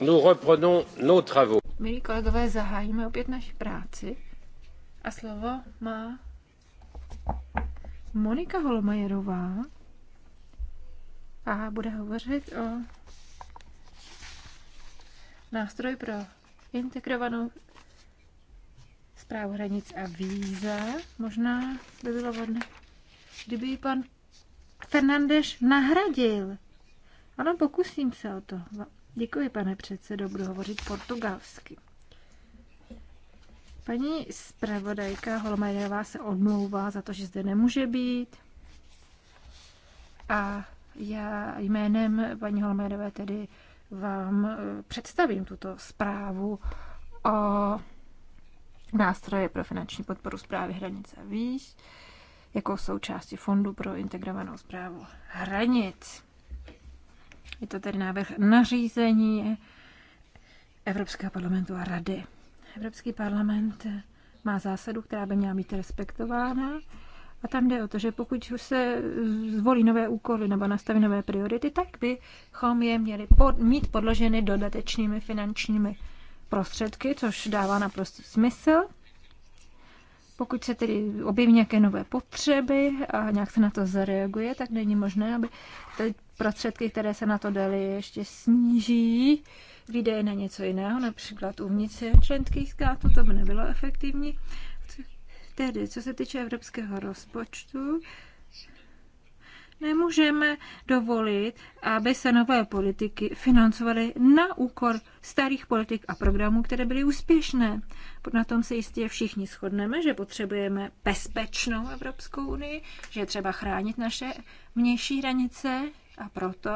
Nous reprenons nos travaux. Milí kolegové, zahájíme opět naši práci. A slovo má Monika Holmajerová a bude hovořit o nástroj pro integrovanou zprávu hranic a víza. Možná by bylo vhodné, kdyby pan Fernandeš nahradil. Ano, pokusím se o to. Děkuji, pane předsedo, budu hovořit portugalsky. Paní zpravodajka Holmajerová se odmlouvá za to, že zde nemůže být. A já jménem paní Holmajerové tedy vám eh, představím tuto zprávu o nástroje pro finanční podporu zprávy hranic a výš jako součásti Fondu pro integrovanou zprávu hranic. Je to tedy návrh nařízení Evropského parlamentu a rady. Evropský parlament má zásadu, která by měla být respektována. A tam jde o to, že pokud se zvolí nové úkoly nebo nastaví nové priority, tak bychom je měli pod, mít podloženy dodatečnými finančními prostředky, což dává naprosto smysl. Pokud se tedy objeví nějaké nové potřeby a nějak se na to zareaguje, tak není možné, aby prostředky, které se na to dali, ještě sníží výdaje na něco jiného, například uvnitř členských států, to by nebylo efektivní. Tedy, co se týče evropského rozpočtu, nemůžeme dovolit, aby se nové politiky financovaly na úkor starých politik a programů, které byly úspěšné. Na tom se jistě všichni shodneme, že potřebujeme bezpečnou Evropskou unii, že je třeba chránit naše vnější hranice, a proto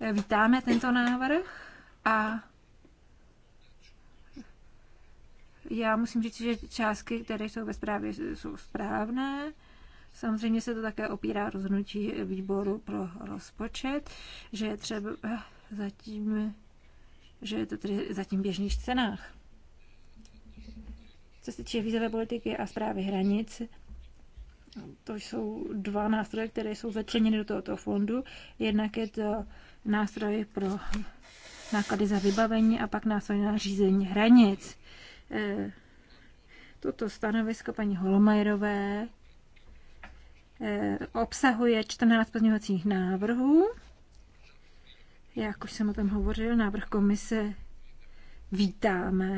eh, vítáme tento návrh a já musím říct, že částky, které jsou ve zprávě, jsou správné. Samozřejmě se to také opírá rozhodnutí výboru pro rozpočet, že je třeba zatím, že je to tedy zatím běžných cenách. Co se týče vízové politiky a zprávy hranic, to jsou dva nástroje, které jsou začleněny do tohoto fondu. Jednak je to nástroj pro náklady za vybavení a pak nástroj na řízení hranic. E, toto stanovisko paní Holmajerové e, obsahuje 14 pozměňovacích návrhů. Jak už jsem o tom hovořil, návrh komise vítáme.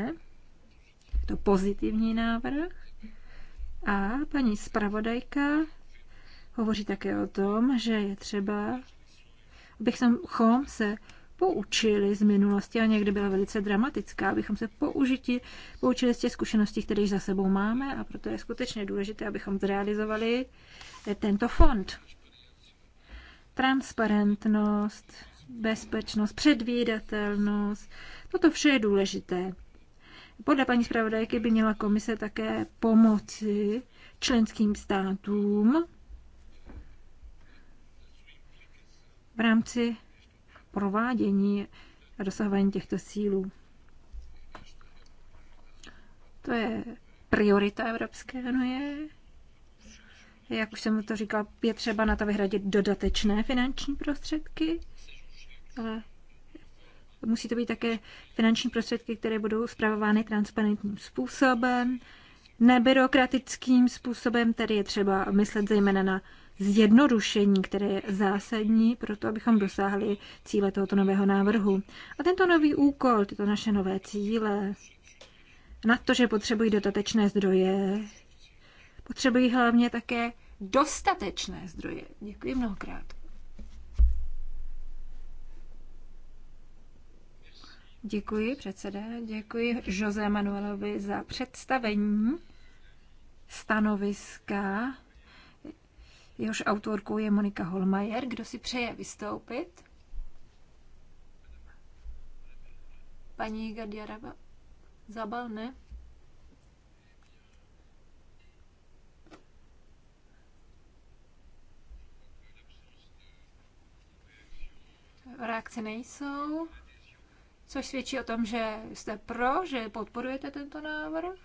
Je to pozitivní návrh. A paní zpravodajka hovoří také o tom, že je třeba, abychom se poučili z minulosti a někdy byla velice dramatická, abychom se použiti, poučili z těch zkušeností, které za sebou máme a proto je skutečně důležité, abychom zrealizovali tento fond. Transparentnost, bezpečnost, předvídatelnost, toto vše je důležité. Podle paní zpravodajky by měla komise také pomoci členským státům v rámci provádění a dosahování těchto cílů. To je priorita Evropské unie. Jak už jsem to říkal, je třeba na to vyhradit dodatečné finanční prostředky, ale Musí to být také finanční prostředky, které budou zpravovány transparentním způsobem, nebyrokratickým způsobem, tedy je třeba myslet zejména na zjednodušení, které je zásadní pro to, abychom dosáhli cíle tohoto nového návrhu. A tento nový úkol, tyto naše nové cíle, na to, že potřebují dotatečné zdroje, potřebují hlavně také dostatečné zdroje. Děkuji mnohokrát. Děkuji předseda, děkuji Jose Manuelovi za představení stanoviska. Jehož autorkou je Monika Holmajer. Kdo si přeje vystoupit? Paní Gadiarava Zabal, ne? Reakce nejsou což svědčí o tom, že jste pro, že podporujete tento návrh,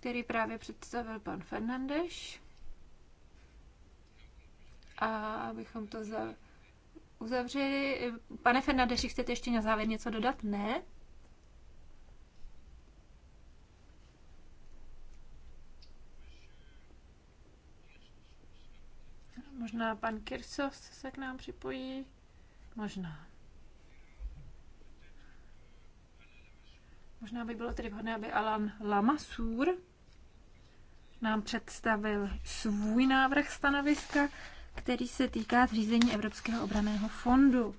který právě představil pan Fernandeš. A abychom to za, uzavřeli. Pane Fernandeši, chcete ještě na závěr něco dodat? Ne? Možná pan Kirsos se k nám připojí. Možná. Možná by bylo tedy vhodné, aby Alan Lamasur nám představil svůj návrh stanoviska, který se týká zřízení Evropského obraného fondu.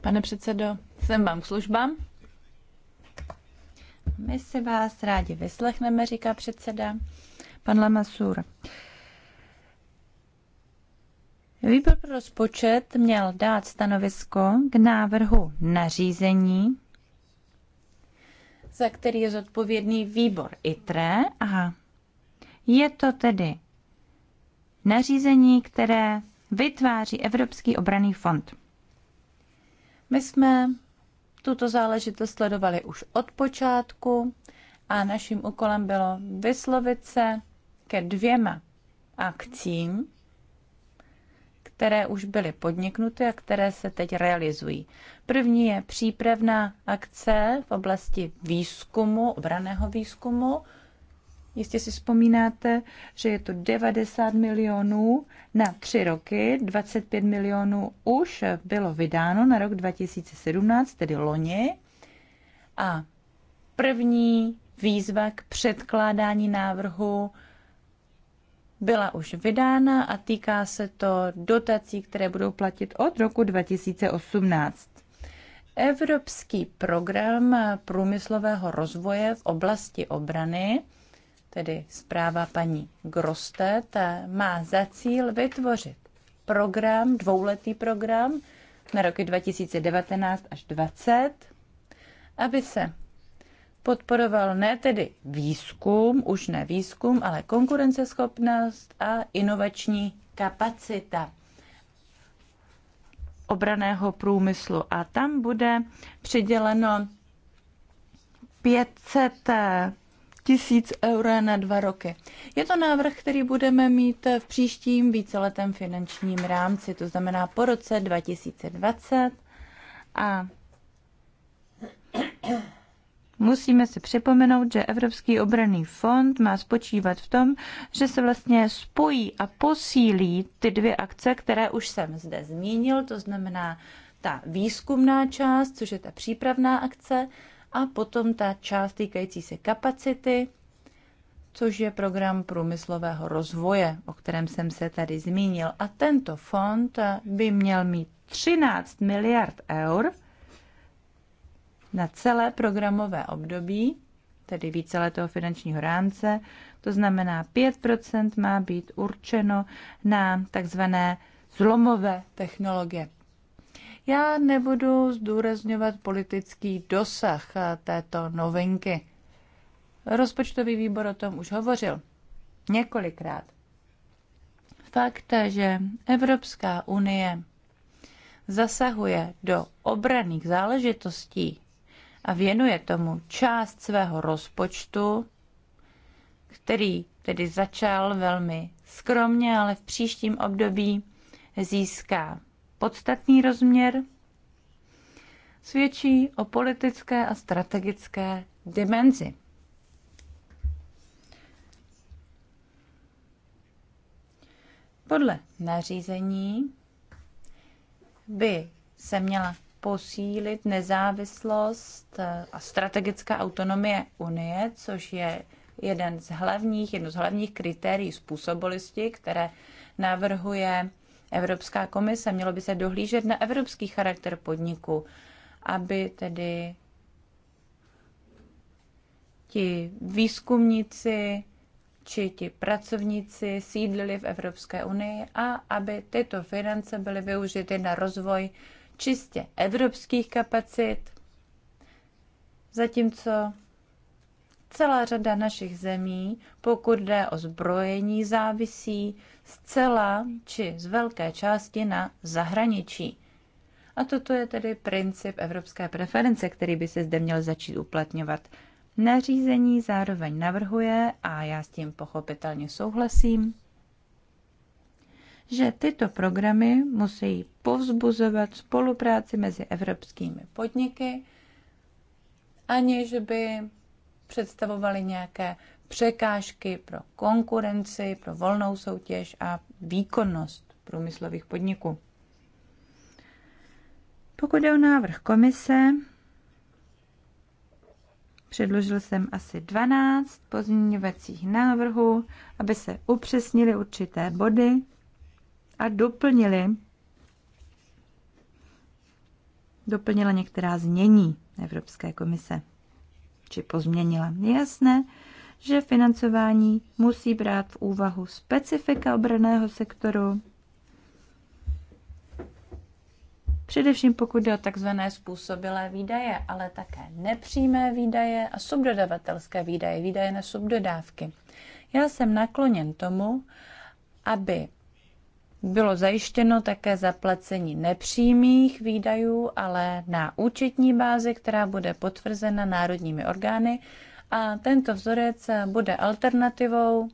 Pane předsedo, jsem vám k službám. My si vás rádi vyslechneme, říká předseda pan Lamasur. Výbor pro rozpočet měl dát stanovisko k návrhu nařízení, za který je zodpovědný výbor ITRE a je to tedy nařízení, které vytváří Evropský obraný fond. My jsme tuto záležitost sledovali už od počátku a naším úkolem bylo vyslovit se ke dvěma akcím, které už byly podniknuty a které se teď realizují. První je přípravná akce v oblasti výzkumu, obraného výzkumu. Jistě si vzpomínáte, že je to 90 milionů na tři roky, 25 milionů už bylo vydáno na rok 2017, tedy loni. A první výzva k předkládání návrhu byla už vydána a týká se to dotací, které budou platit od roku 2018. Evropský program průmyslového rozvoje v oblasti obrany, tedy zpráva paní Grostet, má za cíl vytvořit program, dvouletý program na roky 2019 až 2020, aby se podporoval ne tedy výzkum, už ne výzkum, ale konkurenceschopnost a inovační kapacita obraného průmyslu. A tam bude přiděleno 500 tisíc eur na dva roky. Je to návrh, který budeme mít v příštím víceletém finančním rámci, to znamená po roce 2020. A Musíme si připomenout, že Evropský obranný fond má spočívat v tom, že se vlastně spojí a posílí ty dvě akce, které už jsem zde zmínil, to znamená ta výzkumná část, což je ta přípravná akce, a potom ta část týkající se kapacity, což je program průmyslového rozvoje, o kterém jsem se tady zmínil. A tento fond by měl mít 13 miliard eur na celé programové období, tedy víceletého finančního rámce. To znamená, 5% má být určeno na takzvané zlomové technologie. Já nebudu zdůrazňovat politický dosah této novinky. Rozpočtový výbor o tom už hovořil několikrát. Fakt, že Evropská unie zasahuje do obraných záležitostí a věnuje tomu část svého rozpočtu, který tedy začal velmi skromně, ale v příštím období získá podstatný rozměr, svědčí o politické a strategické dimenzi. Podle nařízení by se měla posílit nezávislost eh, a strategická autonomie Unie, což je jeden z hlavních, jedno z hlavních kritérií způsobilosti, které navrhuje Evropská komise. Mělo by se dohlížet na evropský charakter podniku, aby tedy ti výzkumníci či ti pracovníci sídlili v Evropské unii a aby tyto finance byly využity na rozvoj čistě evropských kapacit, zatímco celá řada našich zemí, pokud jde o zbrojení, závisí zcela či z velké části na zahraničí. A toto je tedy princip evropské preference, který by se zde měl začít uplatňovat. Nařízení zároveň navrhuje, a já s tím pochopitelně souhlasím, že tyto programy musí povzbuzovat spolupráci mezi evropskými podniky, aniž by představovaly nějaké překážky pro konkurenci, pro volnou soutěž a výkonnost průmyslových podniků. Pokud je o návrh komise, Předložil jsem asi 12 pozměňovacích návrhů, aby se upřesnily určité body, a doplnili doplnila některá znění Evropské komise, či pozměnila. Je jasné, že financování musí brát v úvahu specifika obraného sektoru, především pokud jde o tzv. způsobilé výdaje, ale také nepřímé výdaje a subdodavatelské výdaje, výdaje na subdodávky. Já jsem nakloněn tomu, aby bylo zajištěno také zaplacení nepřímých výdajů, ale na účetní bázi, která bude potvrzena národními orgány. A tento vzorec bude alternativou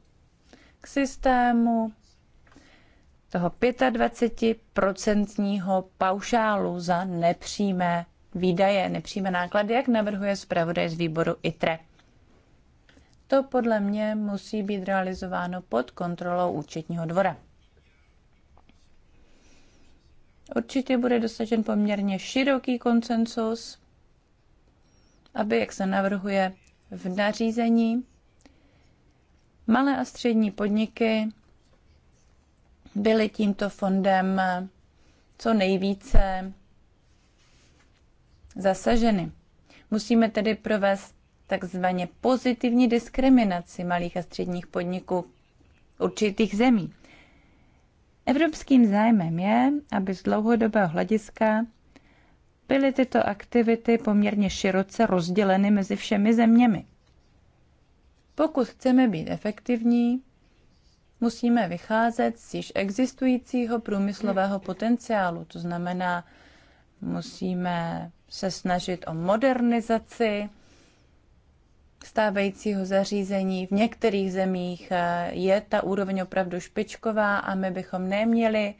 k systému toho 25% paušálu za nepřímé výdaje, nepřímé náklady, jak navrhuje zpravodaj z výboru ITRE. To podle mě musí být realizováno pod kontrolou účetního dvora. Určitě bude dosažen poměrně široký konsenzus, aby, jak se navrhuje v nařízení, malé a střední podniky byly tímto fondem co nejvíce zasaženy. Musíme tedy provést takzvaně pozitivní diskriminaci malých a středních podniků určitých zemí. Evropským zájmem je, aby z dlouhodobého hlediska byly tyto aktivity poměrně široce rozděleny mezi všemi zeměmi. Pokud chceme být efektivní, musíme vycházet z již existujícího průmyslového potenciálu, to znamená, musíme se snažit o modernizaci stávajícího zařízení. V některých zemích eh, je ta úroveň opravdu špičková a my bychom neměli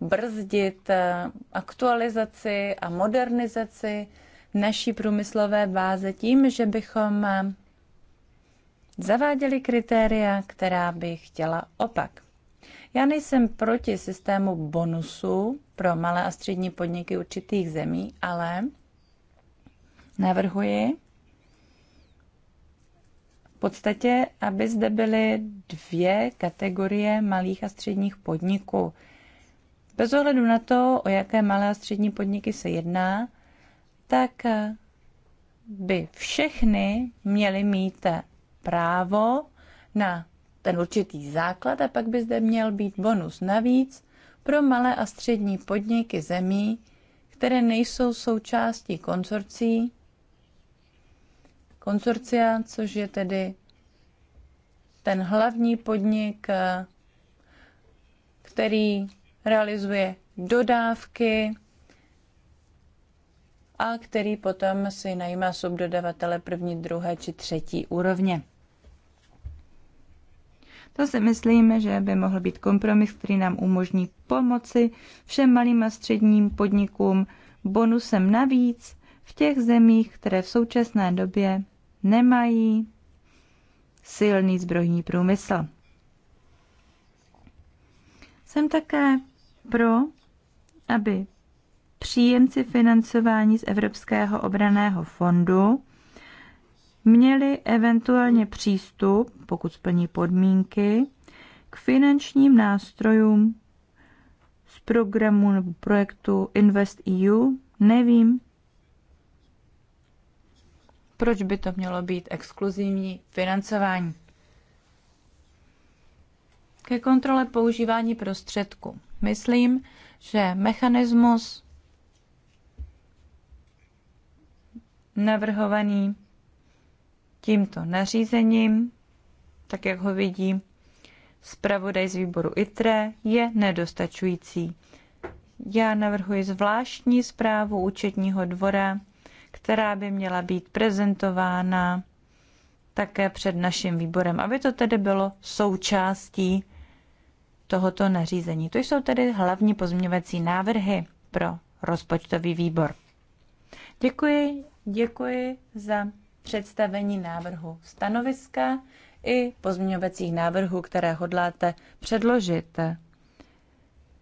brzdit eh, aktualizaci a modernizaci naší průmyslové báze tím, že bychom eh, zaváděli kritéria, která by chtěla opak. Já nejsem proti systému bonusu pro malé a střední podniky určitých zemí, ale navrhuji, podstatě, aby zde byly dvě kategorie malých a středních podniků. Bez ohledu na to, o jaké malé a střední podniky se jedná, tak by všechny měly mít právo na ten určitý základ a pak by zde měl být bonus navíc pro malé a střední podniky zemí, které nejsou součástí konzorcí konzorcia, což je tedy ten hlavní podnik, který realizuje dodávky a který potom si najímá subdodavatele první, druhé či třetí úrovně. To si myslíme, že by mohl být kompromis, který nám umožní pomoci všem malým a středním podnikům bonusem navíc v těch zemích, které v současné době nemají silný zbrojní průmysl. Jsem také pro, aby příjemci financování z Evropského obraného fondu měli eventuálně přístup, pokud splní podmínky, k finančním nástrojům z programu nebo projektu Invest EU. Nevím, proč by to mělo být exkluzivní financování? Ke kontrole používání prostředků. Myslím, že mechanismus navrhovaný tímto nařízením, tak jak ho vidí zpravodaj z výboru ITRE, je nedostačující. Já navrhuji zvláštní zprávu účetního dvora která by měla být prezentována také před naším výborem, aby to tedy bylo součástí tohoto nařízení. To jsou tedy hlavní pozměňovací návrhy pro rozpočtový výbor. Děkuji, děkuji za představení návrhu stanoviska i pozměňovacích návrhů, které hodláte předložit.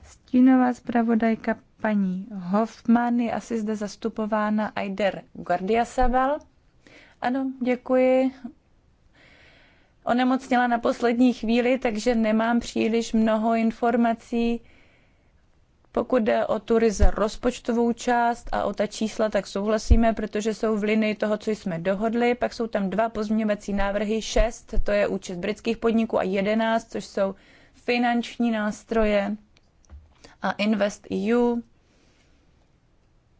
Stínová zpravodajka Paní Hoffman je asi zde zastupována Aider Guardiasabal. Ano, děkuji. Onemocněla na poslední chvíli, takže nemám příliš mnoho informací. Pokud jde o tu ryze rozpočtovou část a o ta čísla, tak souhlasíme, protože jsou v linii toho, co jsme dohodli. Pak jsou tam dva pozměňovací návrhy, šest, to je účet britských podniků, a jedenáct, což jsou finanční nástroje a Invest EU,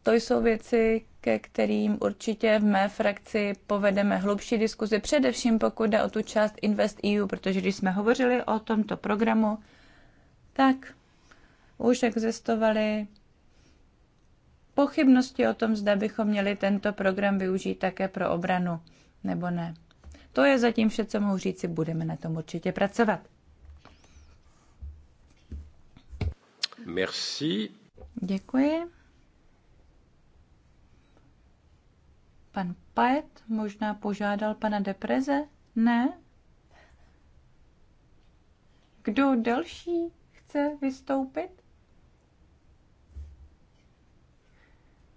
to jsou věci, ke kterým určitě v mé frakci povedeme hlubší diskuzi, především pokud jde o tu část Invest EU, protože když jsme hovořili o tomto programu, tak už existovaly pochybnosti o tom, zda bychom měli tento program využít také pro obranu, nebo ne. To je zatím vše, co mohu říci, budeme na tom určitě pracovat. Merci. Děkuji. Pan Paet možná požádal pana Depreze? Ne? Kdo další chce vystoupit?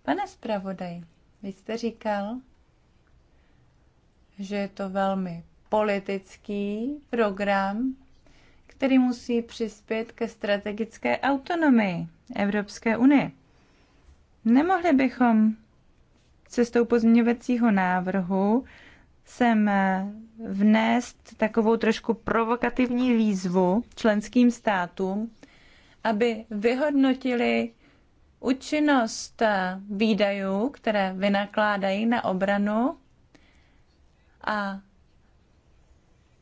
Pane zpravodaj, vy jste říkal, že je to velmi politický program, který musí přispět ke strategické autonomii Evropské unie. Nemohli bychom cestou pozměňovacího návrhu sem eh, vnést takovou trošku provokativní výzvu členským státům, aby vyhodnotili účinnost eh, výdajů, které vynakládají na obranu a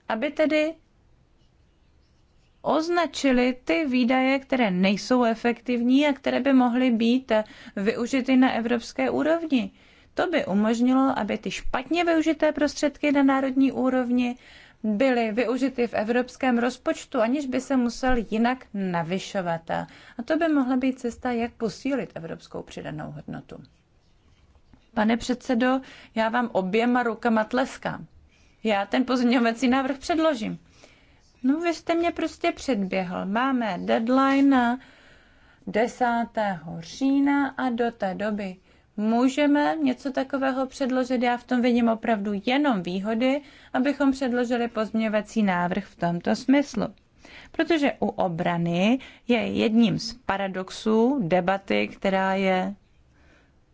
aby tedy označili ty výdaje, které nejsou efektivní a které by mohly být eh, využity na evropské úrovni. To by umožnilo, aby ty špatně využité prostředky na národní úrovni byly využity v evropském rozpočtu, aniž by se musel jinak navyšovat. A to by mohla být cesta, jak posílit evropskou přidanou hodnotu. Pane předsedo, já vám oběma rukama tleskám. Já ten pozměňovací návrh předložím. No vy jste mě prostě předběhl. Máme deadline na 10. října a do té doby můžeme něco takového předložit. Já v tom vidím opravdu jenom výhody, abychom předložili pozměňovací návrh v tomto smyslu. Protože u obrany je jedním z paradoxů debaty, která je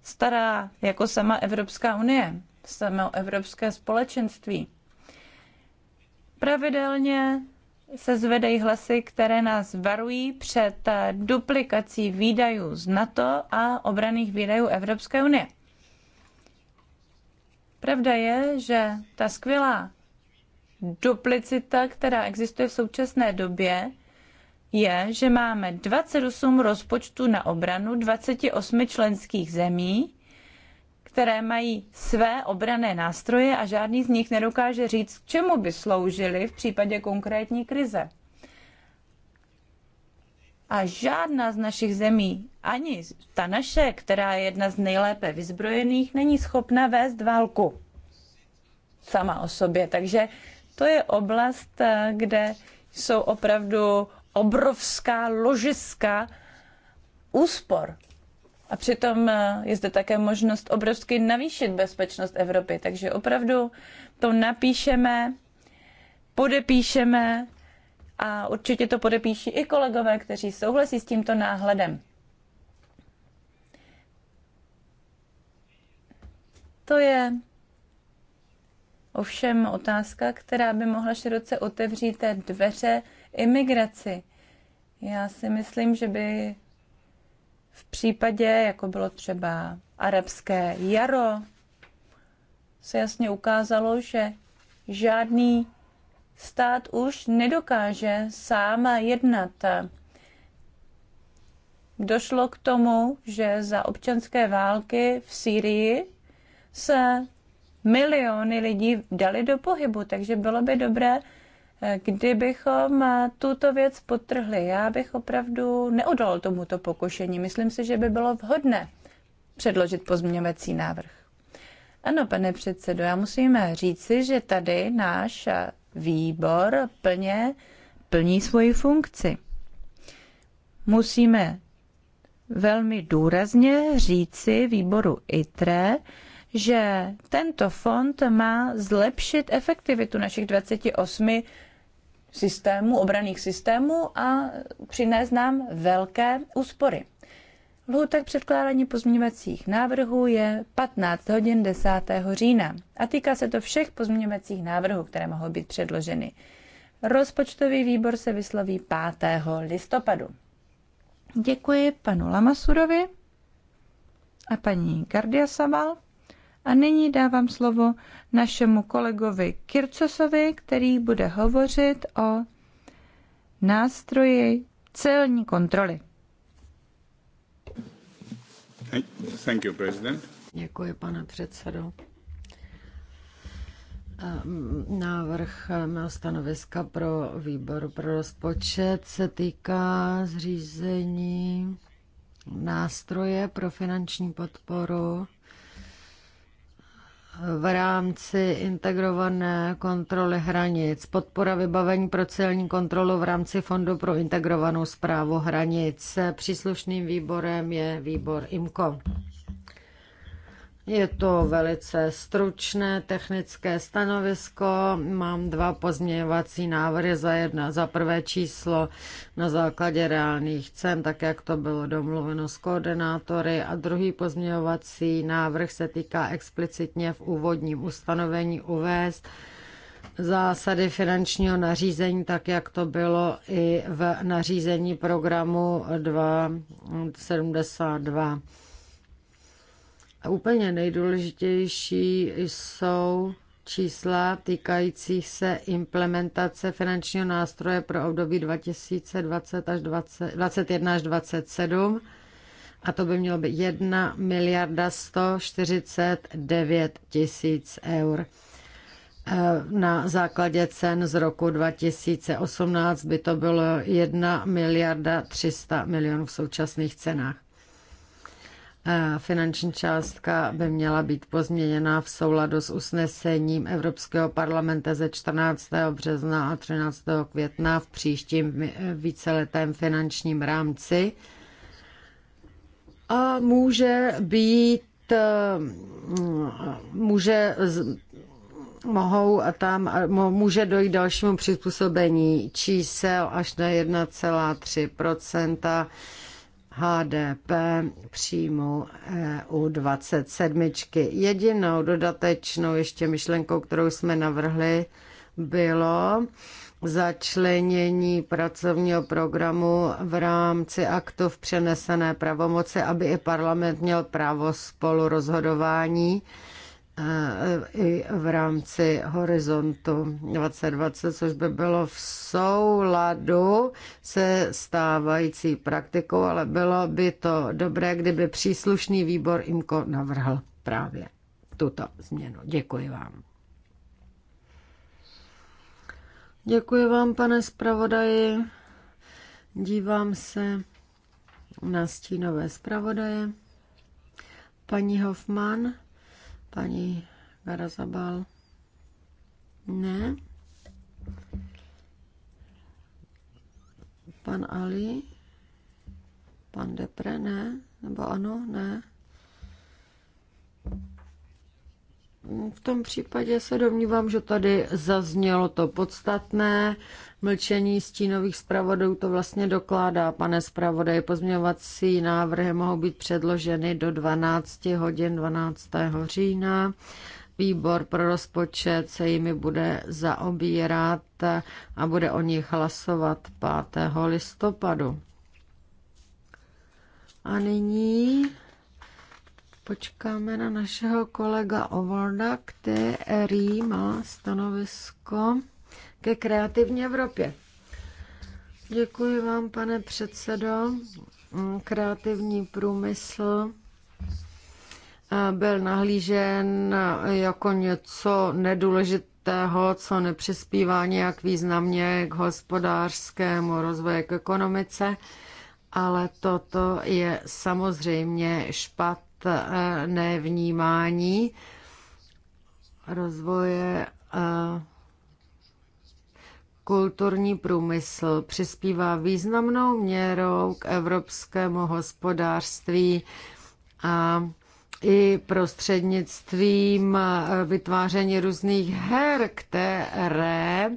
stará jako sama Evropská unie, samo Evropské společenství. Pravidelně se zvedají hlasy, které nás varují před duplikací výdajů z NATO a obraných výdajů Evropské unie. Pravda je, že ta skvělá duplicita, která existuje v současné době, je, že máme 28 rozpočtů na obranu 28 členských zemí které mají své obrané nástroje a žádný z nich nedokáže říct, k čemu by sloužily v případě konkrétní krize. A žádná z našich zemí, ani ta naše, která je jedna z nejlépe vyzbrojených, není schopna vést válku sama o sobě. Takže to je oblast, eh, kde jsou opravdu obrovská ložiska úspor a přitom eh, je zde také možnost obrovsky navýšit bezpečnost Evropy. Takže opravdu to napíšeme, podepíšeme a určitě to podepíší i kolegové, kteří souhlasí s tímto náhledem. To je ovšem otázka, která by mohla široce otevřít té dveře imigraci. Já si myslím, že by v případě, jako bylo třeba arabské jaro, se jasně ukázalo, že žádný stát už nedokáže sám jednat. Došlo k tomu, že za občanské války v Sýrii se miliony lidí dali do pohybu, takže bylo by dobré kdybychom eh, tuto věc potrhli. Já bych opravdu neodolal tomuto pokušení. Myslím si, že by bylo vhodné předložit pozměňovací návrh. Ano, pane předsedo, já musím říci, že tady náš eh, výbor plně plní svoji funkci. Musíme velmi důrazně říci výboru ITRE, že tento fond má zlepšit efektivitu našich 28 systému obraných systémů a přinést nám velké úspory. Lhůta k předkládání pozměňovacích návrhů je 15 hodin 10. října a týká se to všech pozměňovacích návrhů, které mohou být předloženy. Rozpočtový výbor se vysloví 5. listopadu. Děkuji panu Lamasurovi a paní Gardia Saval. A nyní dávám slovo našemu kolegovi Kircosovi, který bude hovořit o nástroji celní kontroly. Thank you, president. Děkuji, pane předsedo. Ehm, návrh mého stanoviska pro výbor pro rozpočet se týká zřízení nástroje pro finanční podporu v rámci integrované kontroly hranic, podpora vybavení pro celní kontrolu v rámci Fondu pro integrovanou zprávu hranic. Příslušným výborem je výbor IMCO. Je to velice stručné technické stanovisko. Mám dva pozměňovací návrhy za jedna. Za prvé číslo na základě reálných cen, tak jak to bylo domluveno s koordinátory. A druhý pozměňovací návrh se týká explicitně v úvodním ustanovení uvést zásady finančního nařízení, tak jak to bylo i v nařízení programu 272 a úplně nejdůležitější jsou čísla týkající se implementace finančního nástroje pro období 2020 až 20, 21 až 27 a to by mělo být 1 miliarda 149 tisíc eur. E, na základě cen z roku 2018 by to bylo 1 miliarda 300 milionů v současných cenách. Finanční částka by měla být pozměněna v souladu s usnesením Evropského parlamenta ze 14. března a 13. května v příštím víceletém finančním rámci a může být eh, může mohou tam, může dojít dalšímu přizpůsobení čísel až na 1,3 HDP příjmu e u 27. Jedinou dodatečnou ještě myšlenkou, kterou jsme navrhli, bylo začlenění pracovního programu v rámci aktu v přenesené pravomoci, aby i parlament měl právo spolurozhodování rozhodování Eh, i v rámci horizontu 2020, což by bylo v souladu se stávající praktikou, ale bylo by to dobré, kdyby příslušný výbor IMKO navrhl právě tuto změnu. Děkuji vám. Děkuji vám, pane zpravodaji. Dívám se na stínové zpravodaje. Paní Hoffman. Paní Garazabal? Ne. Pan Ali? Pan Depre? Ne. Nebo ano? Ne. V tom případě se domnívám, že tady zaznělo to podstatné. Mlčení stínových zpravodajů to vlastně dokládá, pane zpravodaj. Pozměňovací návrhy mohou být předloženy do 12 hodin 12. října. Výbor pro rozpočet se jimi bude zaobírat a bude o nich hlasovat 5. listopadu. A nyní Počkáme na našeho kolega Ovalda, který má stanovisko ke kreativní Evropě. Děkuji vám, pane předsedo. Kreativní průmysl eh, byl nahlížen eh, jako něco nedůležitého, co nepřispívá nějak významně k hospodářskému rozvoji, k ekonomice, ale toto je samozřejmě špatné nevnímání rozvoje eh, Kulturní průmysl přispívá významnou měrou k evropskému hospodářství a i prostřednictvím eh, vytváření různých her, které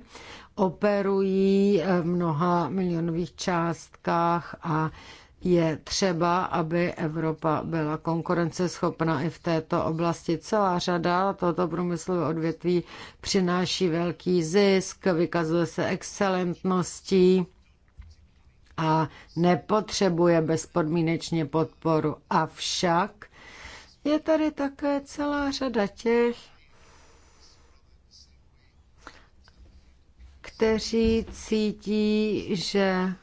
operují v mnoha milionových částkách a je třeba, aby Evropa byla konkurenceschopná i v této oblasti. Celá řada tohoto průmyslové odvětví přináší velký zisk, vykazuje se excelentností a nepotřebuje bezpodmínečně podporu. Avšak je tady také celá řada těch, kteří cítí, že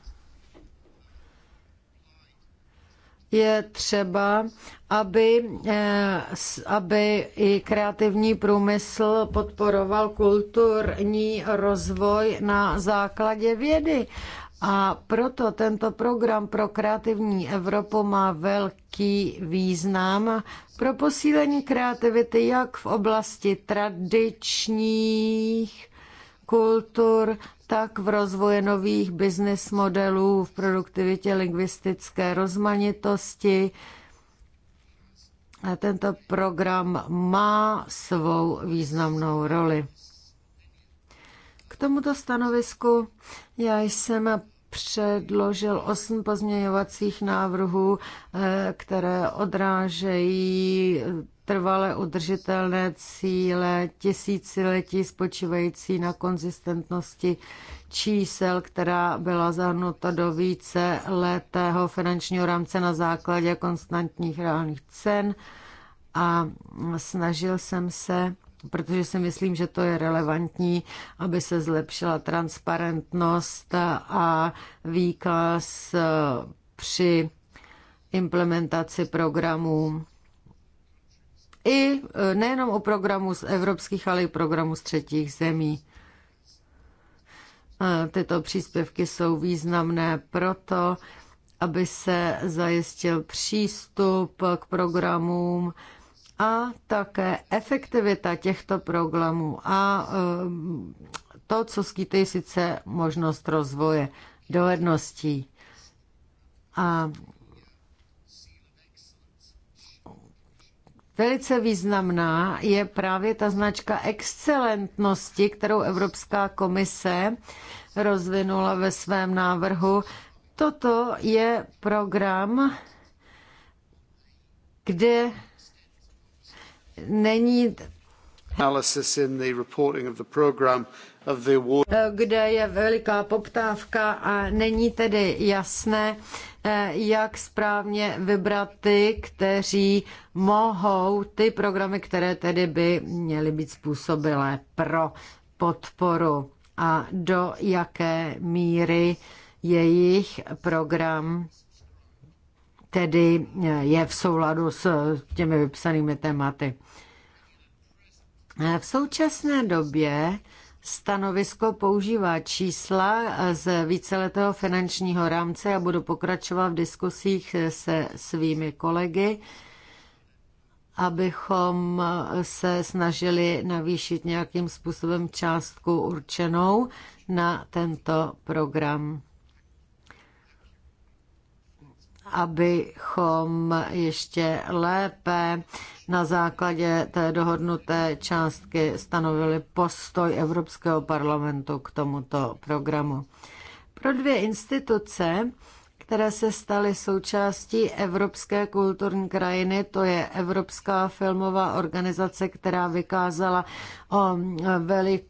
je třeba, aby, eh, aby i kreativní průmysl podporoval kulturní rozvoj na základě vědy. A proto tento program pro kreativní Evropu má velký význam pro posílení kreativity jak v oblasti tradičních kultur, tak v rozvoji nových business modelů, v produktivitě lingvistické rozmanitosti. A tento program má svou významnou roli. K tomuto stanovisku já jsem předložil osm pozměňovacích návrhů, eh, které odrážejí trvale udržitelné cíle tisíciletí spočívající na konzistentnosti čísel, která byla zahrnuta do více letého finančního rámce na základě konstantních reálných cen a snažil jsem se protože si myslím, že to je relevantní, aby se zlepšila transparentnost a výkaz eh, při implementaci programů. I eh, nejenom o programu z evropských, ale i programu z třetích zemí. Eh, tyto příspěvky jsou významné proto, aby se zajistil přístup k programům, a také efektivita těchto programů a eh, to, co skýtej sice možnost rozvoje dovedností. A Velice významná je právě ta značka excelentnosti, kterou Evropská komise rozvinula ve svém návrhu. Toto je program, kde není kde je veliká poptávka a není tedy jasné, eh, jak správně vybrat ty, kteří mohou ty programy, které tedy by měly být způsobilé pro podporu a do jaké míry jejich program tedy eh, je v souladu s eh, těmi vypsanými tématy. Eh, v současné době stanovisko používá čísla z víceletého finančního rámce a budu pokračovat v diskusích se svými kolegy, abychom se snažili navýšit nějakým způsobem částku určenou na tento program abychom ještě lépe na základě té dohodnuté částky stanovili postoj Evropského parlamentu k tomuto programu. Pro dvě instituce, které se staly součástí Evropské kulturní krajiny. To je Evropská filmová organizace, která vykázala o velik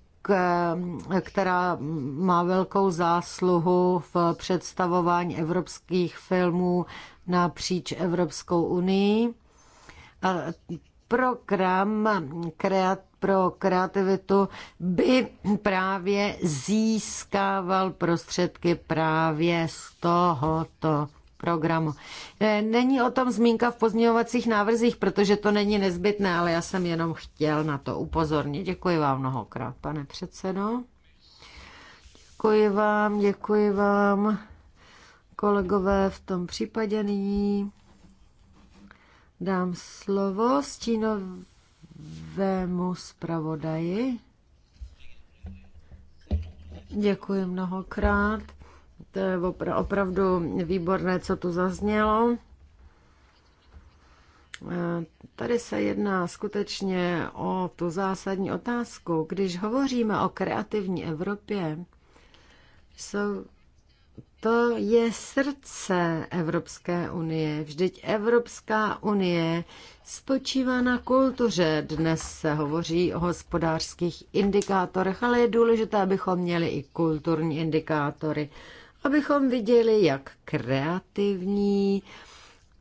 která má velkou zásluhu v představování evropských filmů napříč Evropskou unii. A program pro kreativitu by právě získával prostředky právě z tohoto programu. E, není o tom zmínka v pozměňovacích návrzích, protože to není nezbytné, ale já jsem jenom chtěl na to upozornit. Děkuji vám mnohokrát, pane předsedo. Děkuji vám, děkuji vám, kolegové, v tom případě nyní dám slovo stínovému zpravodaji. Děkuji mnohokrát. Je opravdu výborné, co tu zaznělo. E, tady se jedná skutečně o tu zásadní otázku. Když hovoříme o kreativní Evropě, jsou, to je srdce Evropské unie. Vždyť Evropská unie spočívá na kultuře. Dnes se hovoří o hospodářských indikátorech, ale je důležité, abychom měli i kulturní indikátory abychom viděli, jak kreativní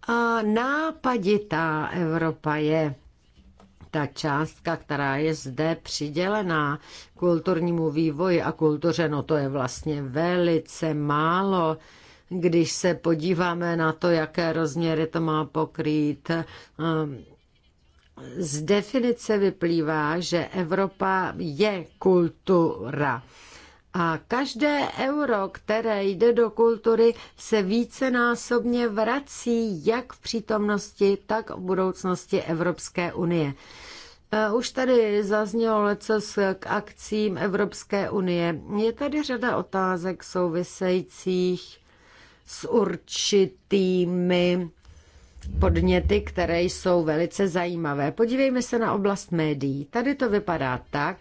a nápaditá Evropa je. Ta částka, která je zde přidělená kulturnímu vývoji a kultuře, no to je vlastně velice málo když se podíváme na to, jaké rozměry to má pokrýt, ehm, z definice vyplývá, že Evropa je kultura. A každé euro, které jde do kultury, se vícenásobně vrací jak v přítomnosti, tak v budoucnosti Evropské unie. E, už tady zaznělo leco k akcím Evropské unie. Je tady řada otázek souvisejících s určitými podněty, které jsou velice zajímavé. Podívejme se na oblast médií. Tady to vypadá tak,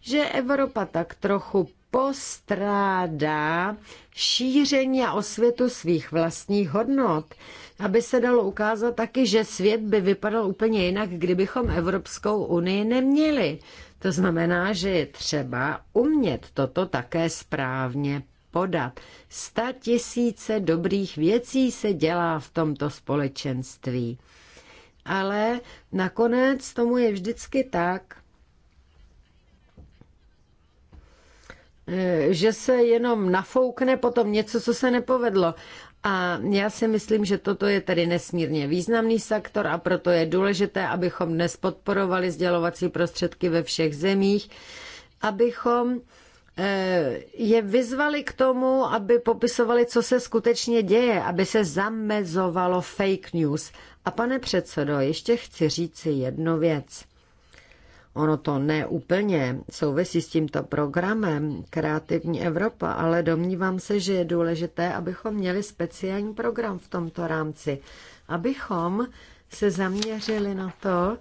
že Evropa tak trochu postrádá šíření a osvětu svých vlastních hodnot, aby se dalo ukázat taky, že svět by vypadal úplně jinak, kdybychom Evropskou unii neměli. To znamená, že je třeba umět toto také správně podat. Sta tisíce dobrých věcí se dělá v tomto společenství. Ale nakonec tomu je vždycky tak, Eh, že se jenom nafoukne potom něco, co se nepovedlo. A já si myslím, že toto je tedy nesmírně významný sektor a proto je důležité, abychom dnes podporovali sdělovací prostředky ve všech zemích, abychom eh, je vyzvali k tomu, aby popisovali, co se skutečně děje, aby se zamezovalo fake news. A pane předsedo, ještě chci říci jednu věc ono to neúplně souvisí s tímto programem Kreativní Evropa, ale domnívám se, že je důležité, abychom měli speciální program v tomto rámci, abychom se zaměřili na to,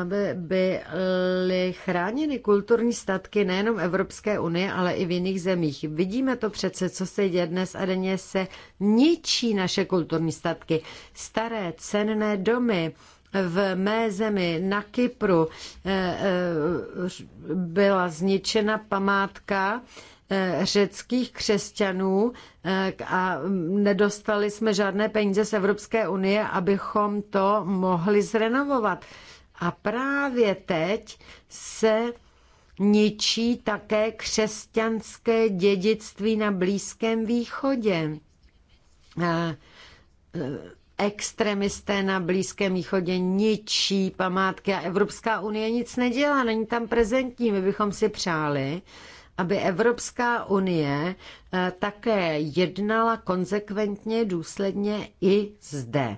aby byly chráněny kulturní statky nejenom Evropské unie, ale i v jiných zemích. Vidíme to přece, co se děje dnes a denně se ničí naše kulturní statky. Staré, cenné domy, v mé zemi na Kypru eh, eh, byla zničena památka eh, řeckých křesťanů a nedostali jsme žádné peníze z Evropské unie, abychom to mohli zrenovovat. A právě teď se ničí také křesťanské dědictví na Blízkém východě extremisté na Blízkém východě ničí památky a Evropská unie nic nedělá, není tam prezentní. My bychom si přáli, aby Evropská unie eh, také jednala konsekventně, důsledně i zde.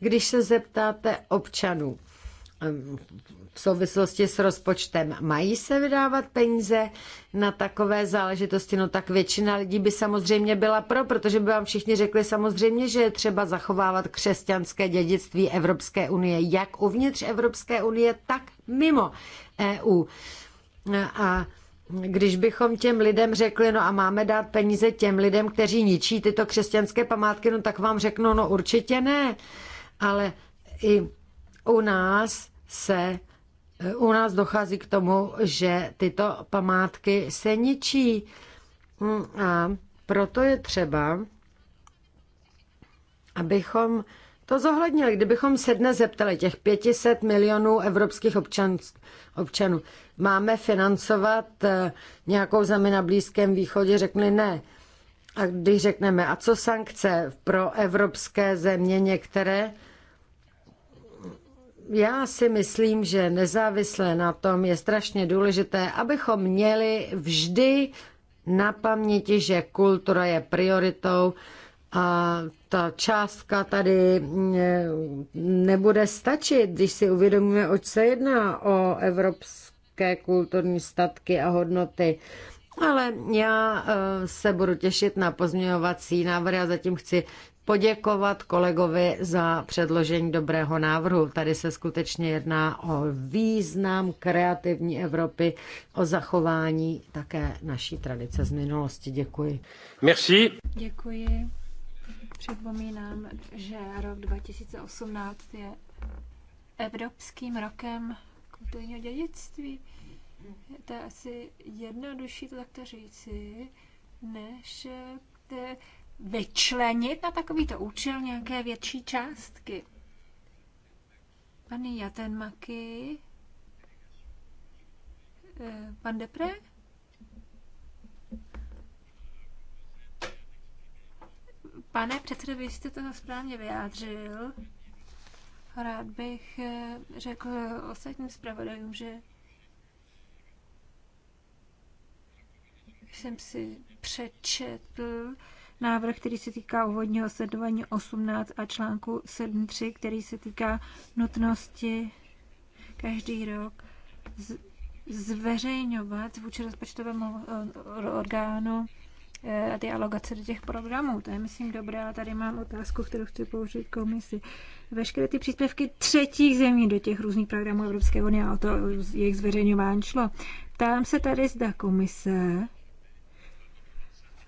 Když se zeptáte občanů, v souvislosti s rozpočtem. Mají se vydávat peníze na takové záležitosti? No tak většina lidí by samozřejmě byla pro, protože by vám všichni řekli samozřejmě, že je třeba zachovávat křesťanské dědictví Evropské unie, jak uvnitř Evropské unie, tak mimo EU. A když bychom těm lidem řekli, no a máme dát peníze těm lidem, kteří ničí tyto křesťanské památky, no tak vám řeknou, no určitě ne. Ale i u nás se eh, u nás dochází k tomu, že tyto památky se ničí. Mm, a proto je třeba, abychom to zohlednili. Kdybychom se dnes zeptali těch 500 milionů evropských občan, občanů, máme financovat eh, nějakou zemi na Blízkém východě, řekli ne. A když řekneme, a co sankce pro evropské země některé, já si myslím, že nezávisle na tom je strašně důležité, abychom měli vždy na paměti, že kultura je prioritou a ta částka tady mm, nebude stačit, když si uvědomíme, oč se jedná o evropské kulturní statky a hodnoty. Ale já eh, se budu těšit na pozměňovací návrhy a zatím chci poděkovat kolegovi za předložení dobrého návrhu. Tady se skutečně jedná o význam kreativní Evropy, o zachování také naší tradice z minulosti. Děkuji. Merci. Děkuji. Připomínám, že rok 2018 je Evropským rokem kulturního dědictví. To je asi jednodušší to takto říci, než vyčlenit na takovýto účel nějaké větší částky. Pan Jatenmaky, eh, pan Depre? Pane předsedo, vy jste to správně vyjádřil. Rád bych eh, řekl ostatním zpravodajům, že jsem si přečetl návrh, který se týká úvodního sledování 18 a článku 7.3, který se týká nutnosti každý rok zveřejňovat vůči rozpočtovému eh, orgánu ty eh, alokace do těch programů. To je, myslím, dobré, ale tady mám otázku, kterou chci použít komisi. Veškeré ty příspěvky třetích zemí do těch různých programů Evropské unie a o to jejich zveřejňování šlo. Ptám se tady, zda komise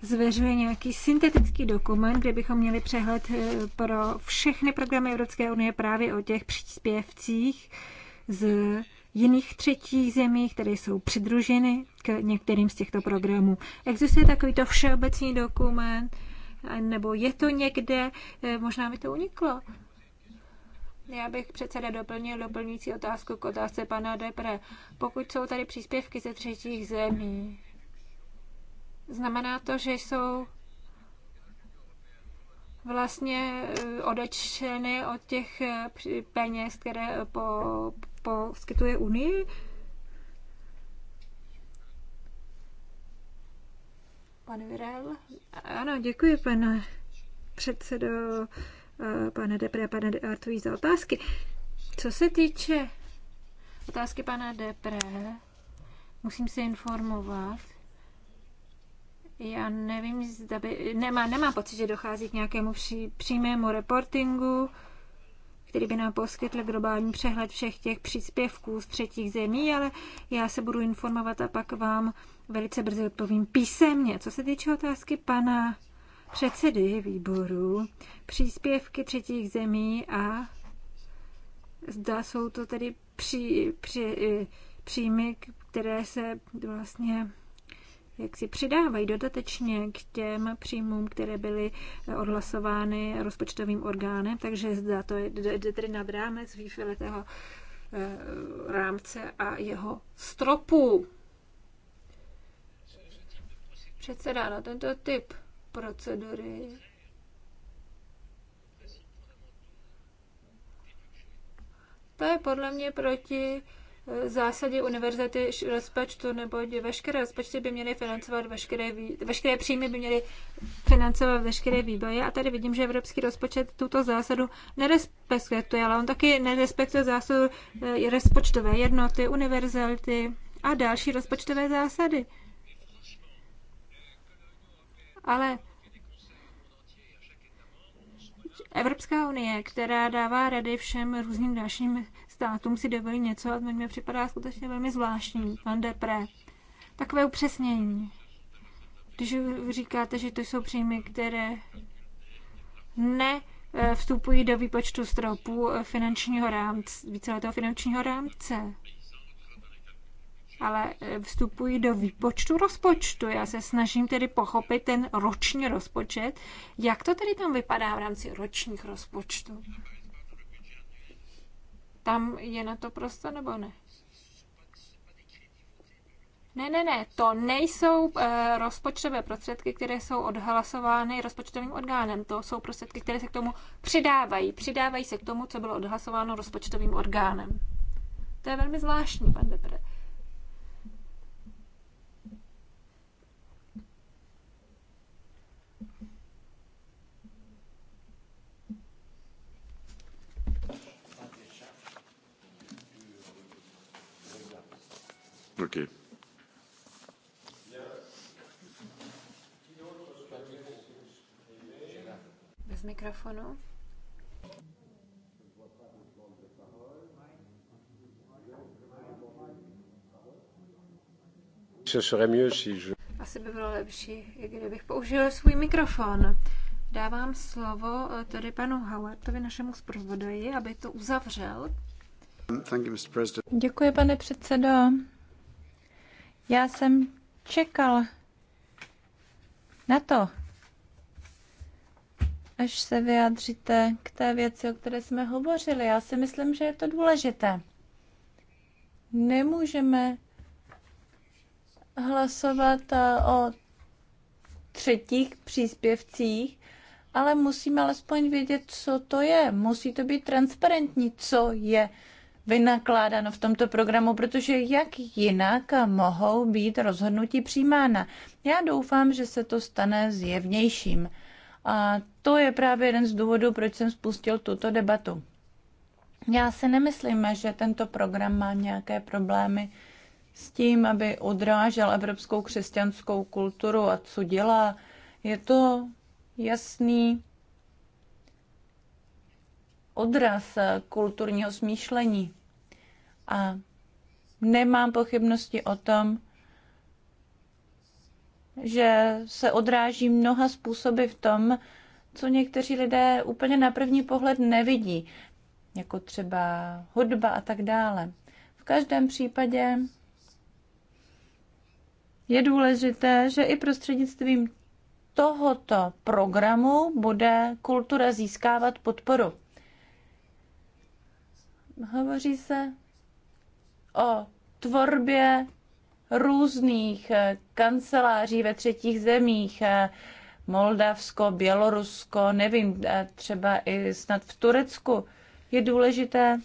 zveřejňuje nějaký syntetický dokument, kde bychom měli přehled eh, pro všechny programy Evropské unie právě o těch příspěvcích z jiných třetích zemí, které jsou přidruženy k některým z těchto programů. Existuje takovýto všeobecný dokument, nebo je to někde, eh, možná mi to uniklo. Já bych předseda doplnil doplňující otázku k otázce pana Depre. Pokud jsou tady příspěvky ze třetích zemí, Znamená to, že jsou vlastně eh, odečteny od těch eh, peněz, které eh, po, Unii? Pan Virel? Ano, děkuji, pane předsedo, pane Depre, pane De za otázky. Co se týče otázky pana Depre, musím se informovat, já nevím, zda by, nemá, nemá pocit, že dochází k nějakému při, přímému reportingu, který by nám poskytl globální přehled všech těch příspěvků z třetích zemí, ale já se budu informovat a pak vám velice brzy odpovím písemně. Co se týče otázky pana předsedy výboru, příspěvky třetích zemí a zda jsou to tedy při, při, eh, příjmy, které se vlastně jak si přidávají dodatečně k těm příjmům, které byly eh, odhlasovány rozpočtovým orgánem, takže zda to jde tedy nad rámec výfiletého eh, rámce a jeho stropu. Předseda na tento typ procedury To je podle mě proti zásadě univerzity rozpočtu, nebo veškeré rozpočty by měly financovat veškeré, veškeré příjmy by měly financovat veškeré výboje. A tady vidím, že evropský rozpočet tuto zásadu nerespektuje, ale on taky nerespektuje zásadu eh, rozpočtové jednoty, univerzality a další rozpočtové zásady. Ale Evropská unie, která dává rady všem různým dalším státům si dovolí něco a to mi připadá skutečně velmi zvláštní, pan Depré. Takové upřesnění. Když říkáte, že to jsou příjmy, které ne eh, vstupují do výpočtu stropu eh, finančního rámce, víceletého finančního rámce, ale eh, vstupují do výpočtu rozpočtu. Já se snažím tedy pochopit ten roční rozpočet. Jak to tedy tam vypadá v rámci ročních rozpočtů? Tam je na to prostor nebo ne? Ne, ne, ne, to nejsou e, rozpočtové prostředky, které jsou odhlasovány rozpočtovým orgánem. To jsou prostředky, které se k tomu přidávají. Přidávají se k tomu, co bylo odhlasováno rozpočtovým orgánem. To je velmi zvláštní, pan Depre. Okay. Bez mikrofonu. Asi by bylo lepší, kdybych použil svůj mikrofon. Dávám slovo eh, tedy panu Howardovi, našemu zpravodaji, aby to uzavřel. Děkuji, pane předsedo. Já jsem čekal na to, až se vyjádříte k té věci, o které jsme hovořili. Já si myslím, že je to důležité. Nemůžeme hlasovat eh, o třetích příspěvcích, ale musíme alespoň vědět, co to je. Musí to být transparentní, co je vynakládáno v tomto programu, protože jak jinak mohou být rozhodnutí přijímána. Já doufám, že se to stane zjevnějším. A to je právě jeden z důvodů, proč jsem spustil tuto debatu. Já si nemyslím, že tento program má nějaké problémy s tím, aby odrážel evropskou křesťanskou kulturu a co dělá. Je to jasný odraz eh, kulturního smýšlení. A nemám pochybnosti o tom, že se odráží mnoha způsoby v tom, co někteří lidé úplně na první pohled nevidí, jako třeba hudba a tak dále. V každém případě je důležité, že i prostřednictvím tohoto programu bude kultura získávat podporu. Hovoří se o tvorbě různých eh, kanceláří ve třetích zemích. Eh, Moldavsko, Bělorusko, nevím, eh, třeba i snad v Turecku. Je důležité,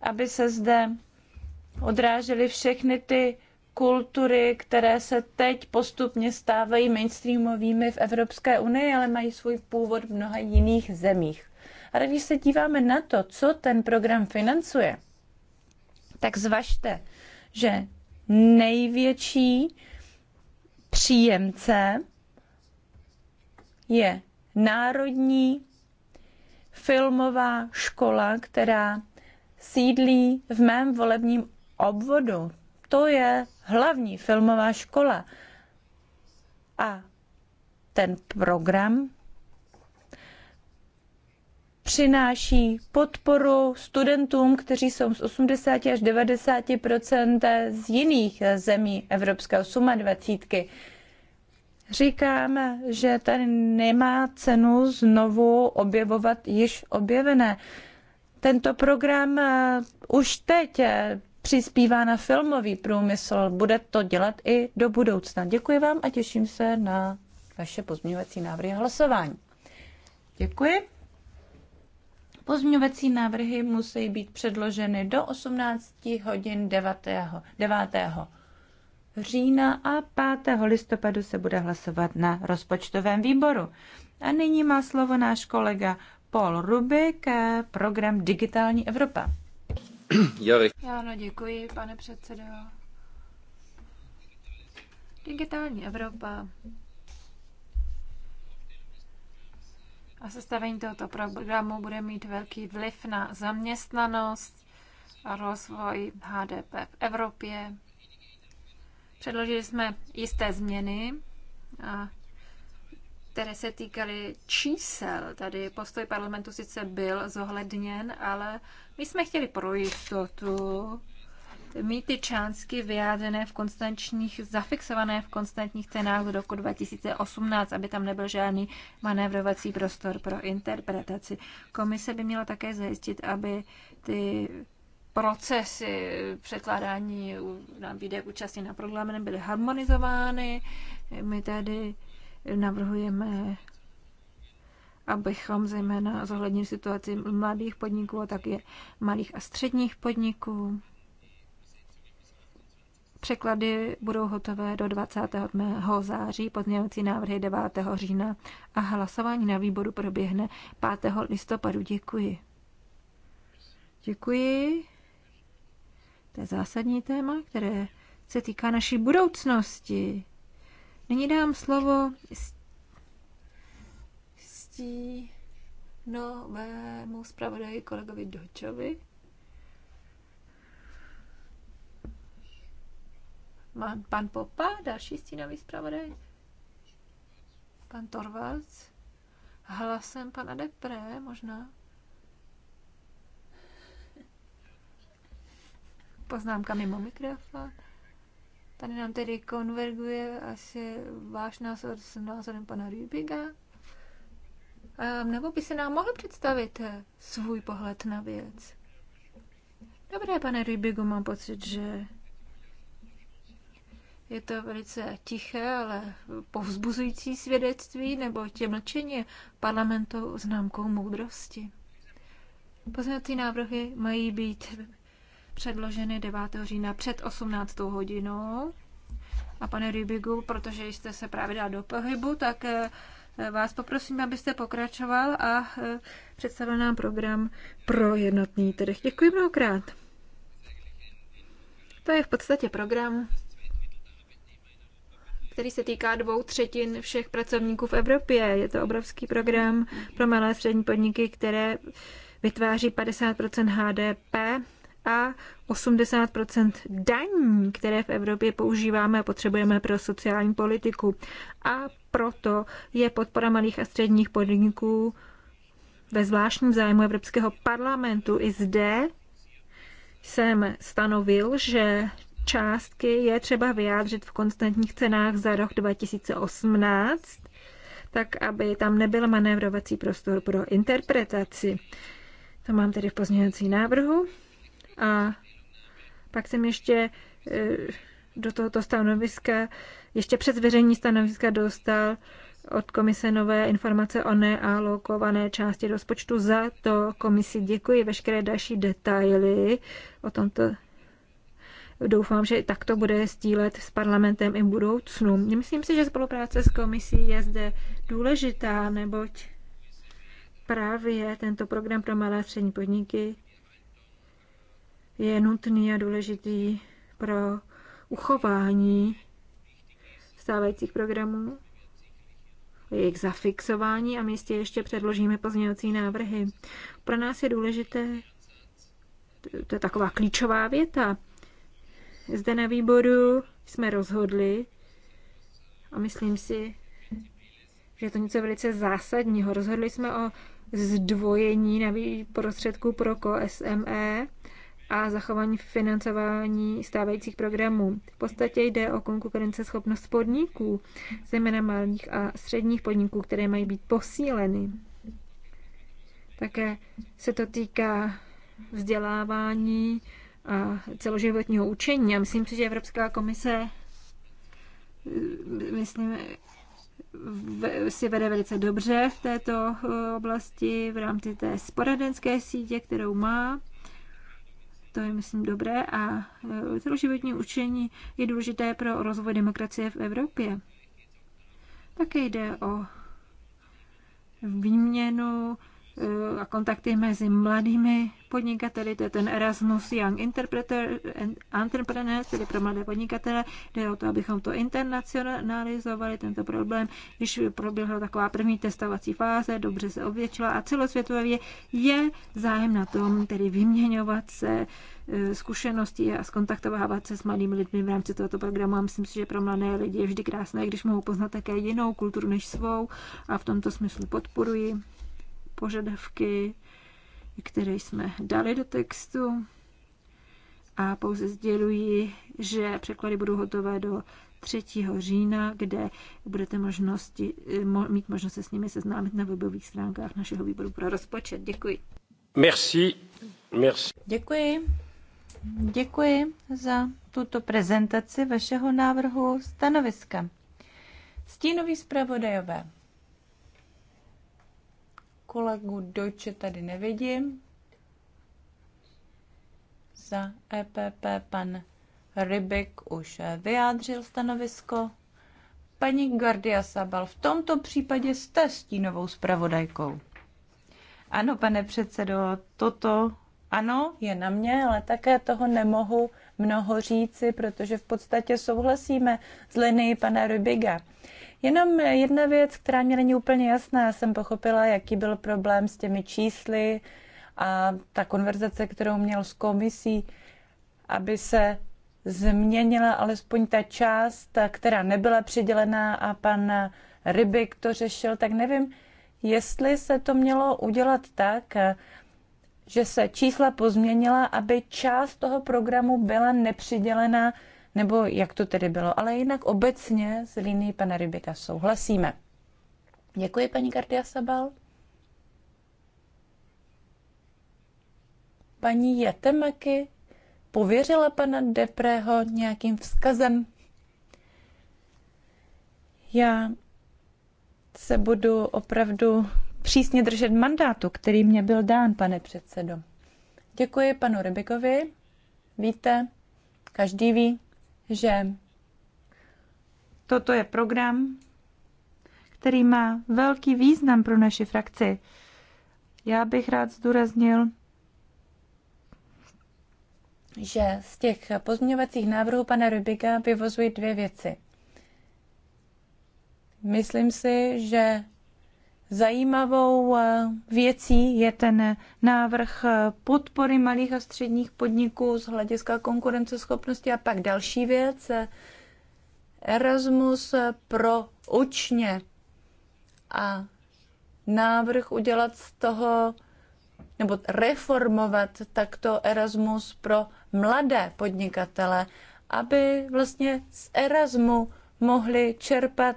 aby se zde odrážely všechny ty kultury, které se teď postupně stávají mainstreamovými v Evropské unii, ale mají svůj původ v mnoha jiných zemích. Ale když se díváme na to, co ten program financuje, tak zvažte, že největší příjemce je Národní filmová škola, která sídlí v mém volebním obvodu. To je hlavní filmová škola. A ten program přináší podporu studentům, kteří jsou z 80 až 90 z jiných zemí Evropského 28. Říkám, že tady nemá cenu znovu objevovat již objevené. Tento program eh, už teď eh, přispívá na filmový průmysl. Bude to dělat i do budoucna. Děkuji vám a těším se na vaše pozměňovací návrhy a hlasování. Děkuji. Pozměňovací návrhy musí být předloženy do 18 hodin 9. 9. října a 5. listopadu se bude hlasovat na rozpočtovém výboru. A nyní má slovo náš kolega Paul Rubik, program Digitální Evropa. Já Ano, děkuji, pane předsedo. Digitální Evropa a sestavení tohoto programu bude mít velký vliv na zaměstnanost a rozvoj HDP v Evropě. Předložili jsme jisté změny, které se týkaly čísel. Tady postoj parlamentu sice byl zohledněn, ale my jsme chtěli pro jistotu mít ty částky vyjádřené v konstantních, zafixované v konstantních cenách do roku 2018, aby tam nebyl žádný manévrovací prostor pro interpretaci. Komise by měla také zajistit, aby ty procesy překládání nabídek účastí na programy byly harmonizovány. My tady navrhujeme abychom zejména zohlednili situaci mladých podniků a taky malých a středních podniků. Překlady budou hotové do 27. září, pozměňovací návrhy 9. října a hlasování na výboru proběhne 5. listopadu. Děkuji. Děkuji. To je zásadní téma, které se týká naší budoucnosti. Nyní dám slovo stí novému zpravodaji kolegovi Dočovi. Mám pan Popa, další stínový zpravodaj. Pan Torvalds. Hlasem pan Adepre, možná. Poznámka mimo mikrofon. Tady nám tedy konverguje asi váš názor s názorem pana Rübiga. Nebo by se nám mohl představit svůj pohled na věc? Dobré, pane Rybigu, mám pocit, že je to velice tiché, ale povzbuzující svědectví, nebo tě mlčení parlamentu známkou moudrosti. Poznací návrhy mají být předloženy 9. října před 18. hodinou. A pane Rybigu, protože jste se právě dal do pohybu, tak eh, vás poprosím, abyste pokračoval a eh, představil nám program pro jednotný trh. Děkuji mnohokrát. To je v podstatě program, který se týká dvou třetin všech pracovníků v Evropě. Je to obrovský program pro malé a střední podniky, které vytváří 50 HDP a 80 daní, které v Evropě používáme a potřebujeme pro sociální politiku. A proto je podpora malých a středních podniků ve zvláštním zájmu Evropského parlamentu. I zde jsem stanovil, že částky je třeba vyjádřit v konstantních cenách za rok 2018, tak aby tam nebyl manévrovací prostor pro interpretaci. To mám tedy v pozměňovací návrhu. A pak jsem ještě e, do tohoto stanoviska, ještě před zveřejní stanoviska dostal od komise nové informace o nealokované části rozpočtu. Za to komisi děkuji. Veškeré další detaily o tomto doufám, že takto bude stílet s parlamentem i v budoucnu. Myslím si, že spolupráce s komisí je zde důležitá, neboť právě tento program pro malé a střední podniky je nutný a důležitý pro uchování stávajících programů, jejich zafixování a my jistě ještě předložíme pozměňovací návrhy. Pro nás je důležité, to je taková klíčová věta, zde na výboru jsme rozhodli a myslím si, že je to něco velice zásadního. Rozhodli jsme o zdvojení na prostředků pro KOSME a zachování financování stávajících programů. V podstatě jde o konkurenceschopnost podniků, zejména malých a středních podniků, které mají být posíleny. Také se to týká vzdělávání a celoživotního učení. A myslím si, že Evropská komise eh, myslím, si vede velice dobře v této eh, oblasti v rámci té sporadenské sítě, kterou má. To je, myslím, dobré a eh, celoživotní učení je důležité pro rozvoj demokracie v Evropě. Také jde o výměnu Eh, a kontakty mezi mladými podnikateli, to je ten Erasmus Young Entrepreneur, tedy pro mladé podnikatele. Jde o to, abychom to internacionalizovali, tento problém, když proběhla taková první testovací fáze, dobře se ovětšila a celosvětově je zájem na tom, tedy vyměňovat se eh, zkušenosti a skontaktovávat se s mladými lidmi v rámci tohoto programu. A myslím si, že pro mladé lidi je vždy krásné, když mohou poznat také jinou kulturu než svou a v tomto smyslu podporuji požadavky, které jsme dali do textu a pouze sděluji, že překlady budou hotové do 3. října, kde budete možnosti, mít možnost se s nimi seznámit na webových stránkách našeho výboru pro rozpočet. Děkuji. Merci. Merci. Děkuji. Děkuji za tuto prezentaci vašeho návrhu stanoviska. Stínový zpravodajové kolegu Deutsche tady nevidím. Za EPP pan Rybik už vyjádřil stanovisko. Paní Guardia Sabal, v tomto případě jste stínovou zpravodajkou. Ano, pane předsedo, toto ano, je na mě, ale také toho nemohu mnoho říci, protože v podstatě souhlasíme s linií pana Rybiga. Jenom jedna věc, která mě není úplně jasná, jsem pochopila, jaký byl problém s těmi čísly a ta konverzace, kterou měl s komisí, aby se změnila alespoň ta část, která nebyla přidělená a pan Rybik to řešil, tak nevím, jestli se to mělo udělat tak, že se čísla pozměnila, aby část toho programu byla nepřidělená nebo jak to tedy bylo. Ale jinak obecně s linií pana Rybika souhlasíme. Děkuji, paní Gardia Sabal. Paní Jatemaky pověřila pana Depreho nějakým vzkazem. Já se budu opravdu přísně držet mandátu, který mě byl dán, pane předsedo. Děkuji panu Rybikovi. Víte, každý ví, že toto je program, který má velký význam pro naši frakci. Já bych rád zdůraznil, že z těch pozměňovacích návrhů pana Rybiga vyvozují dvě věci. Myslím si, že zajímavou eh, věcí je ten návrh eh, podpory malých a středních podniků z hlediska konkurenceschopnosti a pak další věc, eh, Erasmus pro učně a návrh udělat z toho nebo reformovat takto Erasmus pro mladé podnikatele, aby vlastně z Erasmu mohli čerpat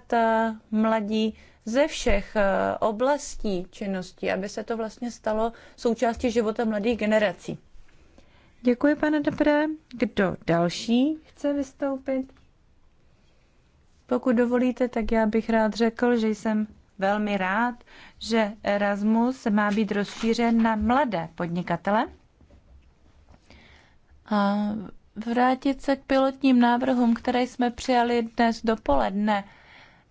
mladí ze všech eh, oblastí činnosti, aby se to vlastně stalo součástí života mladých generací. Děkuji, pane Dobré. Kdo další chce vystoupit? Pokud dovolíte, tak já bych rád řekl, že jsem velmi rád, že Erasmus má být rozšířen na mladé podnikatele. A vrátit se k pilotním návrhům, které jsme přijali dnes dopoledne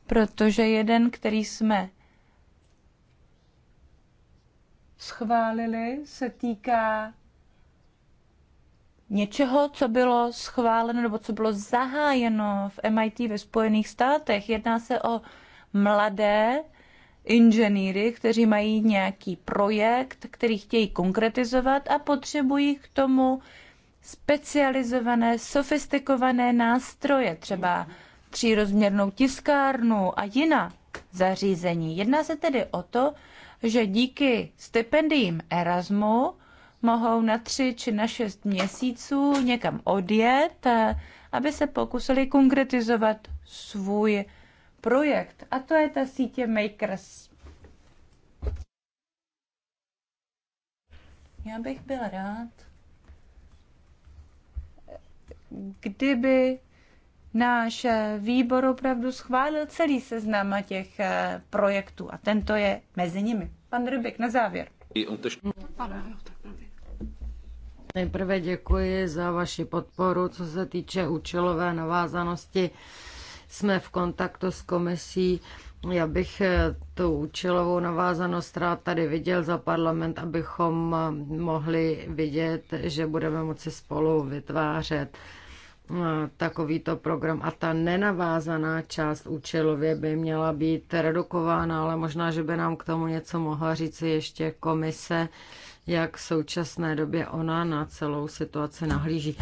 protože jeden, který jsme schválili, se týká něčeho, co bylo schváleno nebo co bylo zahájeno v MIT ve Spojených státech. Jedná se o mladé inženýry, kteří mají nějaký projekt, který chtějí konkretizovat a potřebují k tomu specializované, sofistikované nástroje, třeba třírozměrnou tiskárnu a jiná zařízení. Jedná se tedy o to, že díky stipendiím Erasmu mohou na tři či na šest měsíců někam odjet, aby se pokusili konkretizovat svůj projekt. A to je ta sítě Makers. Já bych byl rád, kdyby náš eh, výbor opravdu schválil celý seznam těch eh, projektů a tento je mezi nimi. Pan Rybik, na závěr. Nejprve děkuji za vaši podporu, co se týče účelové navázanosti. Jsme v kontaktu s komisí. Já bych eh, tu účelovou navázanost rád tady viděl za parlament, abychom mohli vidět, že budeme moci spolu vytvářet Eh, takovýto program a ta nenavázaná část účelově by měla být redukována, ale možná, že by nám k tomu něco mohla říct ještě komise, jak v současné době ona na celou situaci nahlíží.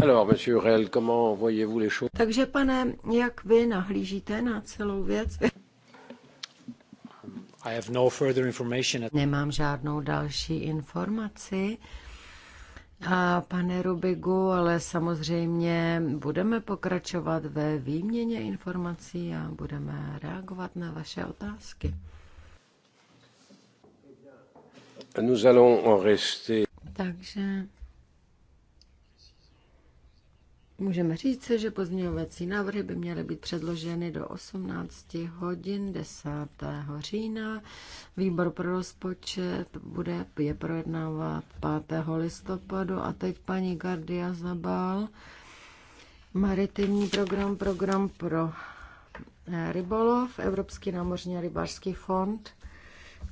Alors, monsieur Rel, comment voyez-vous les choses? Takže, pane, jak vy nahlížíte na celou věc? I have no further information. Nemám žádnou další informaci. A pane Rubigu, ale samozřejmě budeme pokračovat ve výměně informací a budeme reagovat na vaše otázky. Nous allons en rester. Takže Můžeme říct, že pozměňovací návrhy by měly být předloženy do 18 hodin 10. října. Výbor pro rozpočet bude je projednávat 5. listopadu a teď paní Gardia Zabal. Maritimní program, program pro eh, rybolov, Evropský námořní a rybářský fond.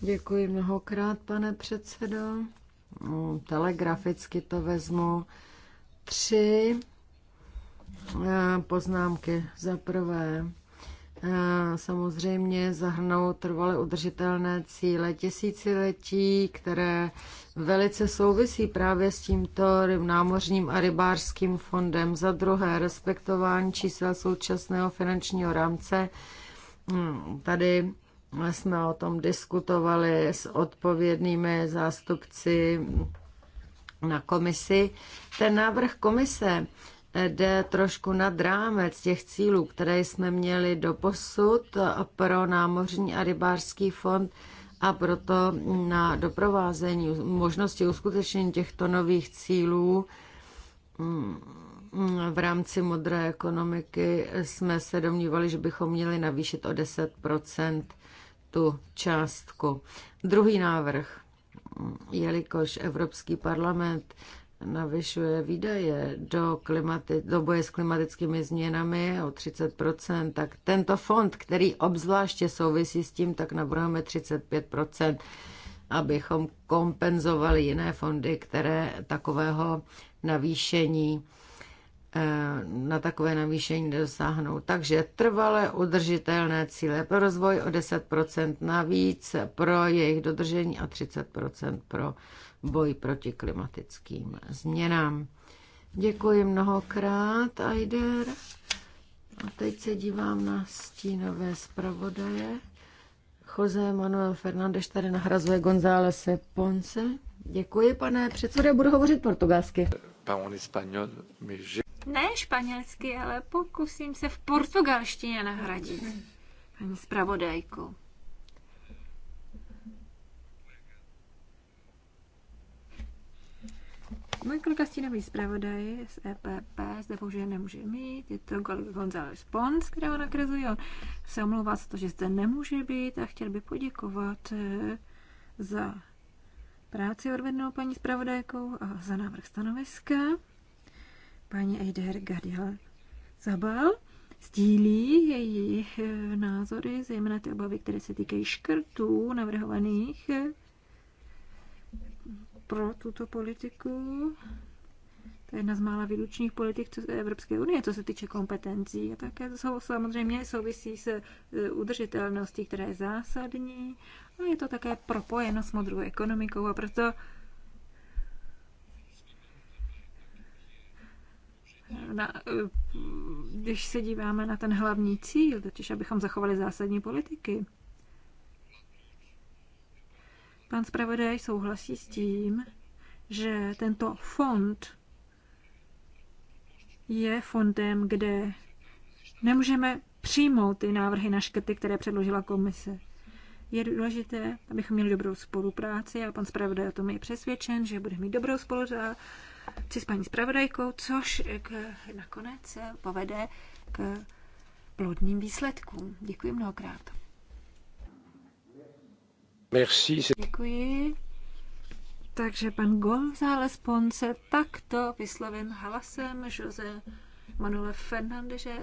Děkuji mnohokrát, pane předsedo. Hm, telegraficky to vezmu. Tři Eh, poznámky. Za prvé, eh, samozřejmě zahrnou trvale udržitelné cíle tisíciletí, které velice souvisí právě s tímto námořním a rybářským fondem. Za druhé, respektování čísel současného finančního rámce. Hmm, tady jsme o tom diskutovali s odpovědnými zástupci na komisi. Ten návrh komise jde trošku nad rámec těch cílů, které jsme měli do posud pro námořní a rybářský fond a proto na doprovázení možnosti uskutečnění těchto nových cílů mm, v rámci modré ekonomiky jsme se domnívali, že bychom měli navýšit o 10 tu částku. Druhý návrh, jelikož Evropský parlament navyšuje výdaje do, klimati- do boje s klimatickými změnami o 30%, tak tento fond, který obzvláště souvisí s tím, tak navrhujeme 35%, abychom kompenzovali jiné fondy, které takového navýšení eh, na takové navýšení dosáhnou. Takže trvalé udržitelné cíle pro rozvoj o 10% navíc pro jejich dodržení a 30% pro boj proti klimatickým změnám. Děkuji mnohokrát, Aider. A teď se dívám na stínové zpravodaje. Jose Manuel Fernández tady nahrazuje Gonzálese Ponce. Děkuji, pane předsedo, budu hovořit portugalsky. Ne španělsky, ale pokusím se v portugalštině nahradit, paní zpravodajku. Můj kolega stínový zpravodaj z EPP zde bohužel nemůže mít. Je to kolega González Pons, kterého nakrezuje. On se omlouvá za to, že zde nemůže být a chtěl by poděkovat eh, za práci odvednou paní zpravodajkou a za návrh stanoviska. Paní Eider Gadiel Zabal sdílí její eh, názory, zejména ty obavy, které se týkají škrtů navrhovaných pro tuto politiku. To je jedna z mála výlučných politik Evropské unie, co se týče kompetencí. A také to jsou, samozřejmě souvisí s e, udržitelností, která je zásadní. A je to také propojeno s modrou ekonomikou a proto na, e, když se díváme na ten hlavní cíl, totiž abychom zachovali zásadní politiky, Pan zpravodaj souhlasí s tím, že tento fond je fondem, kde nemůžeme přijmout ty návrhy na škrty, které předložila komise. Je důležité, abychom měli dobrou spolupráci a pan zpravodaj o tom je přesvědčen, že bude mít dobrou spolupráci s paní zpravodajkou, což k, nakonec povede k plodným výsledkům. Děkuji mnohokrát. Děkuji. Takže pan González Ponce takto vysloven hlasem Jose Manuel Fernandeže.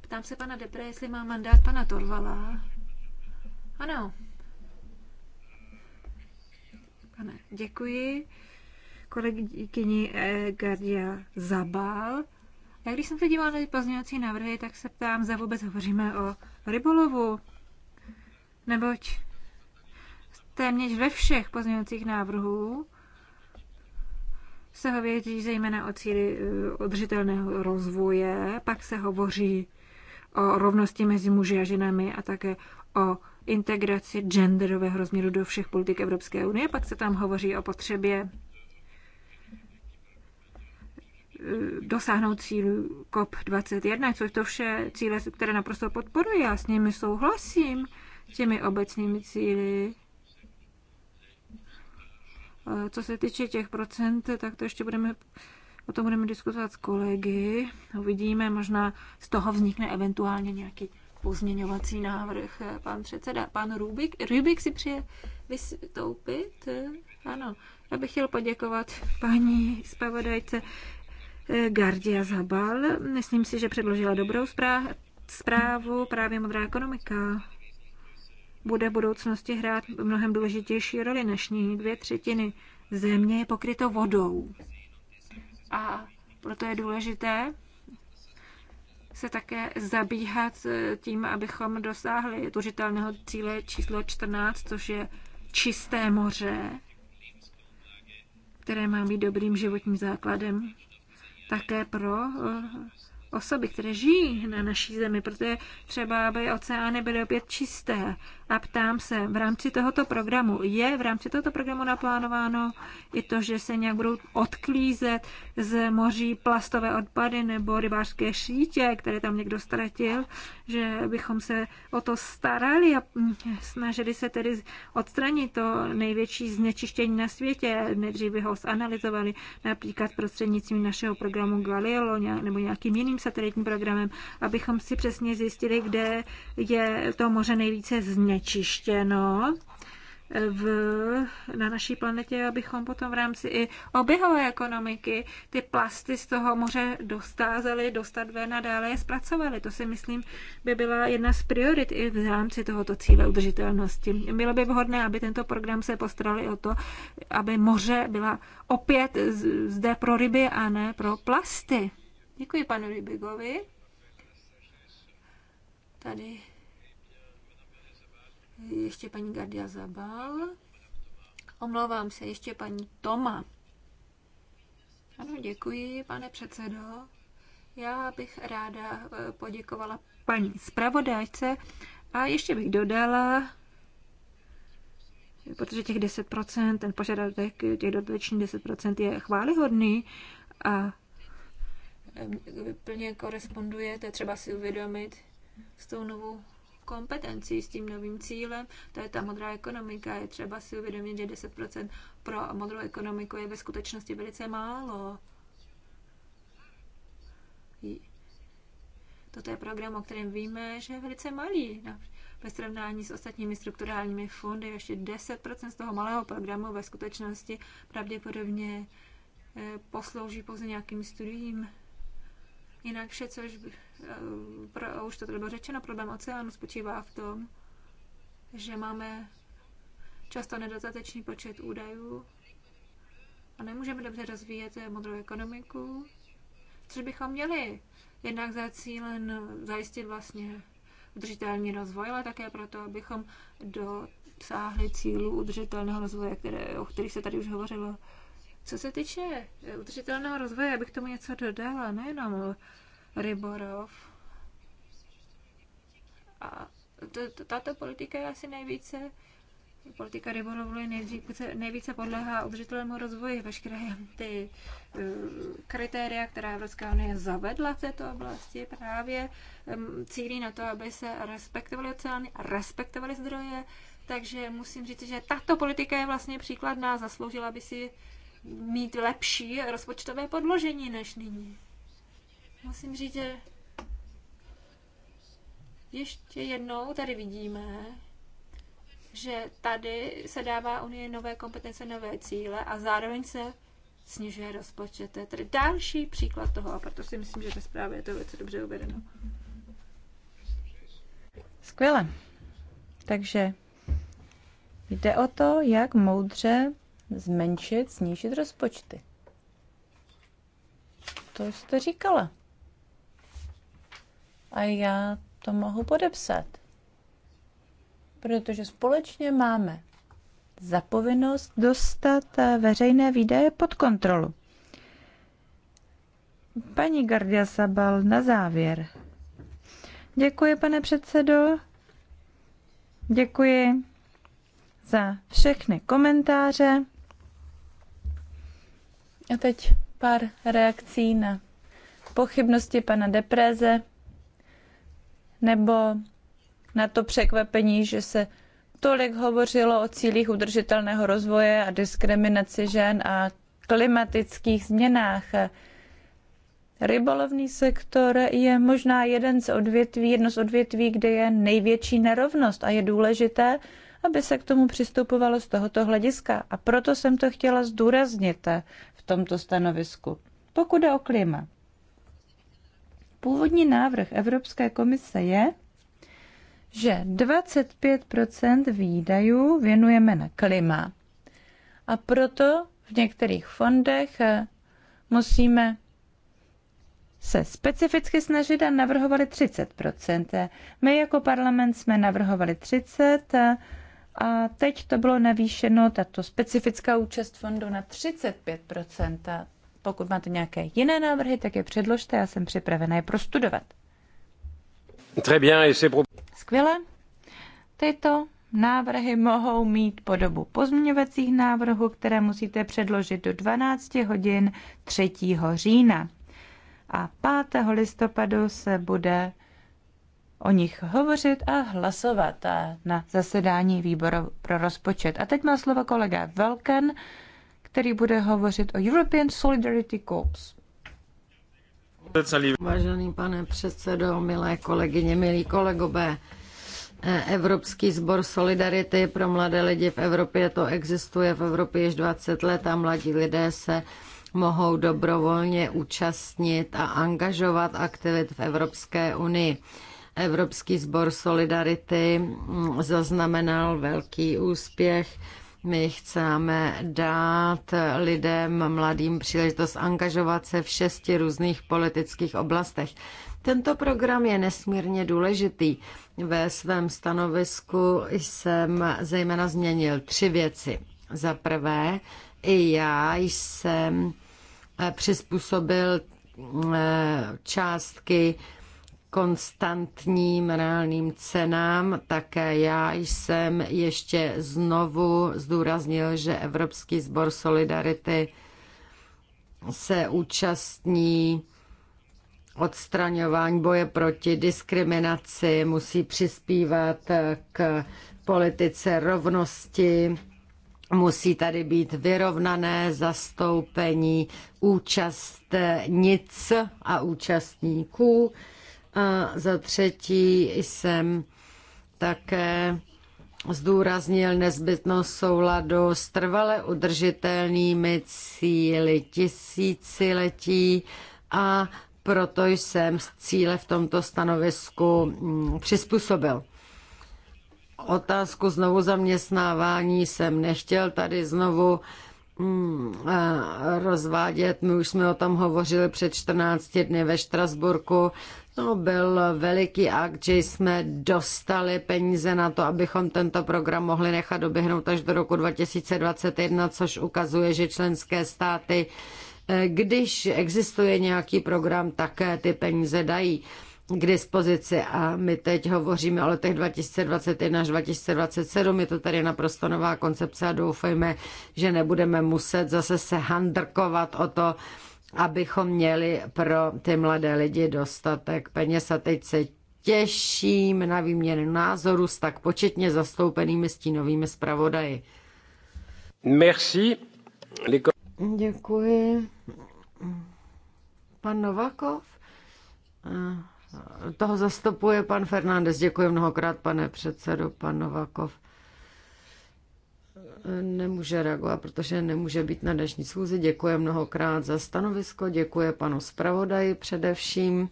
Ptám se pana Depre, jestli má mandát pana Torvala. Ano. Pane, děkuji kolegyni eh, Gardia Zabal. Já když jsem se dívala na ty pozměňovací návrhy, tak se ptám, za vůbec hovoříme o rybolovu. Neboť téměř ve všech pozměňovacích návrhů se hovoří zejména o cíli e, udržitelného rozvoje, pak se hovoří o rovnosti mezi muži a ženami a také o integraci genderového rozměru do všech politik Evropské unie. Pak se tam hovoří o potřebě e, dosáhnout cílů COP21, což to vše cíle, které naprosto podporuji. Já s nimi souhlasím, těmi obecnými cíly. Co se týče těch procent, tak to ještě budeme o tom budeme diskutovat s kolegy. Uvidíme, možná z toho vznikne eventuálně nějaký pozměňovací návrh. Pan předseda, pan Rubik, Rubik si přeje vystoupit? Ano, já bych chtěl poděkovat paní zpravodajce eh, Gardia Zabal. Myslím si, že předložila dobrou zprávu, právě modrá ekonomika bude v budoucnosti hrát mnohem důležitější roli než nyní. Dvě třetiny země je pokryto vodou. A proto je důležité se také zabíhat tím, abychom dosáhli tužitelného cíle číslo 14, což je čisté moře, které má být dobrým životním základem také pro eh, osoby, které žijí na naší zemi, protože třeba, aby oceány byly opět čisté, a ptám se, v rámci tohoto programu, je v rámci tohoto programu naplánováno i to, že se nějak budou odklízet z moří plastové odpady nebo rybářské šítě, které tam někdo ztratil, že bychom se o to starali a mm, snažili se tedy odstranit to největší znečištění na světě. Nejdřív by ho zanalizovali například prostřednictvím našeho programu Galileo nebo nějakým jiným satelitním programem, abychom si přesně zjistili, kde je to moře nejvíce znečištění znečištěno v, na naší planetě, abychom potom v rámci i oběhové ekonomiky ty plasty z toho moře dostázeli, dostat ven a dále je zpracovali. To si myslím by byla jedna z priorit i v rámci tohoto cíle udržitelnosti. Bylo by vhodné, aby tento program se postaral i o to, aby moře byla opět zde pro ryby a ne pro plasty. Děkuji panu Rybigovi. Tady ještě paní Gardia Zabal. Omlouvám se, ještě paní Toma. Ano, děkuji, pane předsedo. Já bych ráda eh, poděkovala paní zpravodajce a ještě bych dodala, protože těch 10%, ten požadavek těch dodatečných 10% je chválihodný a eh, plně koresponduje, to je třeba si uvědomit s tou novou kompetencí s tím novým cílem. To je ta modrá ekonomika. Je třeba si uvědomit, že 10% pro modrou ekonomiku je ve skutečnosti velice málo. Toto je program, o kterém víme, že je velice malý. Ve srovnání s ostatními strukturálními fondy ještě 10% z toho malého programu ve skutečnosti pravděpodobně eh, poslouží pouze nějakým studiím. Jinak vše, což Eh, pro, už to tady bylo řečeno, problém oceánu spočívá v tom, že máme často nedostatečný počet údajů a nemůžeme dobře rozvíjet modrou ekonomiku, což bychom měli jednak za cílen zajistit vlastně udržitelný rozvoj, ale také proto, abychom dosáhli cílů udržitelného rozvoje, které, o kterých se tady už hovořilo. Co se týče eh, udržitelného rozvoje, abych tomu něco dodala, nejenom ryborov. A tato politika je asi nejvíce politika rybolovu je nejvíce, nejvíce podléhá udržitelnému rozvoji. Veškeré ty eh, kritéria, která Evropská unie zavedla v této oblasti, právě cílí na to, aby se respektovaly oceány, respektovaly zdroje. Takže musím říct, že tato politika je vlastně příkladná, zasloužila by si mít lepší rozpočtové podložení než nyní musím říct, že ještě jednou tady vidíme, že tady se dává unie nové kompetence, nové cíle a zároveň se snižuje rozpočet. To je tedy další příklad toho a proto si myslím, že ve zprávě je to velice dobře uvedeno. Skvěle. Takže jde o to, jak moudře zmenšit, snížit rozpočty. To jste říkala a já to mohu podepsat. Protože společně máme zapovinnost dostat eh, veřejné výdaje pod kontrolu. Paní Gardia Sabal na závěr. Děkuji, pane předsedo. Děkuji za všechny komentáře. A teď pár reakcí na pochybnosti pana Depréze nebo na to překvapení, že se tolik hovořilo o cílích udržitelného rozvoje a diskriminaci žen a klimatických změnách. Rybolovný sektor je možná jeden z odvětví, jedno z odvětví, kde je největší nerovnost a je důležité, aby se k tomu přistupovalo z tohoto hlediska. A proto jsem to chtěla zdůraznit v tomto stanovisku. Pokud jde o klima, Původní návrh Evropské komise je, že 25 výdajů věnujeme na klima. A proto v některých fondech eh, musíme se specificky snažit a navrhovali 30 eh, My jako parlament jsme navrhovali 30 eh, a teď to bylo navýšeno, tato specifická účast fondu na 35 pokud máte nějaké jiné návrhy, tak je předložte, já jsem připravena je prostudovat. Skvěle. Tyto návrhy mohou mít podobu pozměňovacích návrhů, které musíte předložit do 12 hodin 3. října. A 5. listopadu se bude o nich hovořit a hlasovat na zasedání výboru pro rozpočet. A teď má slovo kolega Velken který bude hovořit o European Solidarity Corps. Vážený pane předsedo, milé kolegyně, milí kolegové, Evropský sbor Solidarity pro mladé lidi v Evropě, to existuje v Evropě již 20 let a mladí lidé se mohou dobrovolně účastnit a angažovat aktivit v Evropské unii. Evropský sbor Solidarity zaznamenal velký úspěch my chceme dát lidem, mladým příležitost angažovat se v šesti různých politických oblastech. Tento program je nesmírně důležitý. Ve svém stanovisku jsem zejména změnil tři věci. Za prvé, i já jsem eh, přizpůsobil eh, částky konstantním reálným cenám. Také já jsem ještě znovu zdůraznil, že Evropský sbor Solidarity se účastní odstraňování boje proti diskriminaci, musí přispívat k politice rovnosti, musí tady být vyrovnané zastoupení účastnic a účastníků a za třetí jsem také zdůraznil nezbytnost souladu s trvale udržitelnými cíly tisíciletí a proto jsem cíle v tomto stanovisku mm, přizpůsobil. Otázku znovu zaměstnávání jsem nechtěl tady znovu mm, rozvádět. My už jsme o tom hovořili před 14 dny ve Štrasburku No, byl veliký akt, že jsme dostali peníze na to, abychom tento program mohli nechat doběhnout až do roku 2021, což ukazuje, že členské státy, eh, když existuje nějaký program, také ty peníze dají k dispozici a my teď hovoříme o letech 2021 až 2027. Je to tady naprosto nová koncepce a doufejme, že nebudeme muset zase se handrkovat o to, abychom měli pro ty mladé lidi dostatek peněz. A teď se těším na výměnu názoru s tak početně zastoupenými stínovými zpravodaji. Merci. Děkuji. Pan Novakov? Eh, toho zastupuje pan Fernández. Děkuji mnohokrát, pane předsedo, pan Novakov nemůže reagovat, protože nemůže být na dnešní schůzi. Děkuji mnohokrát za stanovisko, děkuji panu zpravodaji především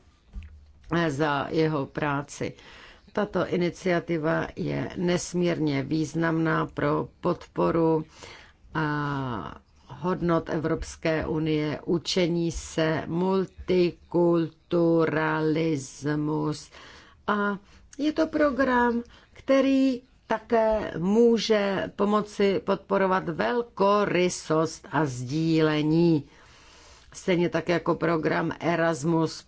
eh, za jeho práci. Tato iniciativa je nesmírně významná pro podporu a hodnot Evropské unie, učení se, multikulturalismus a je to program, který také může pomoci podporovat velkorysost a sdílení. Stejně tak jako program Erasmus+.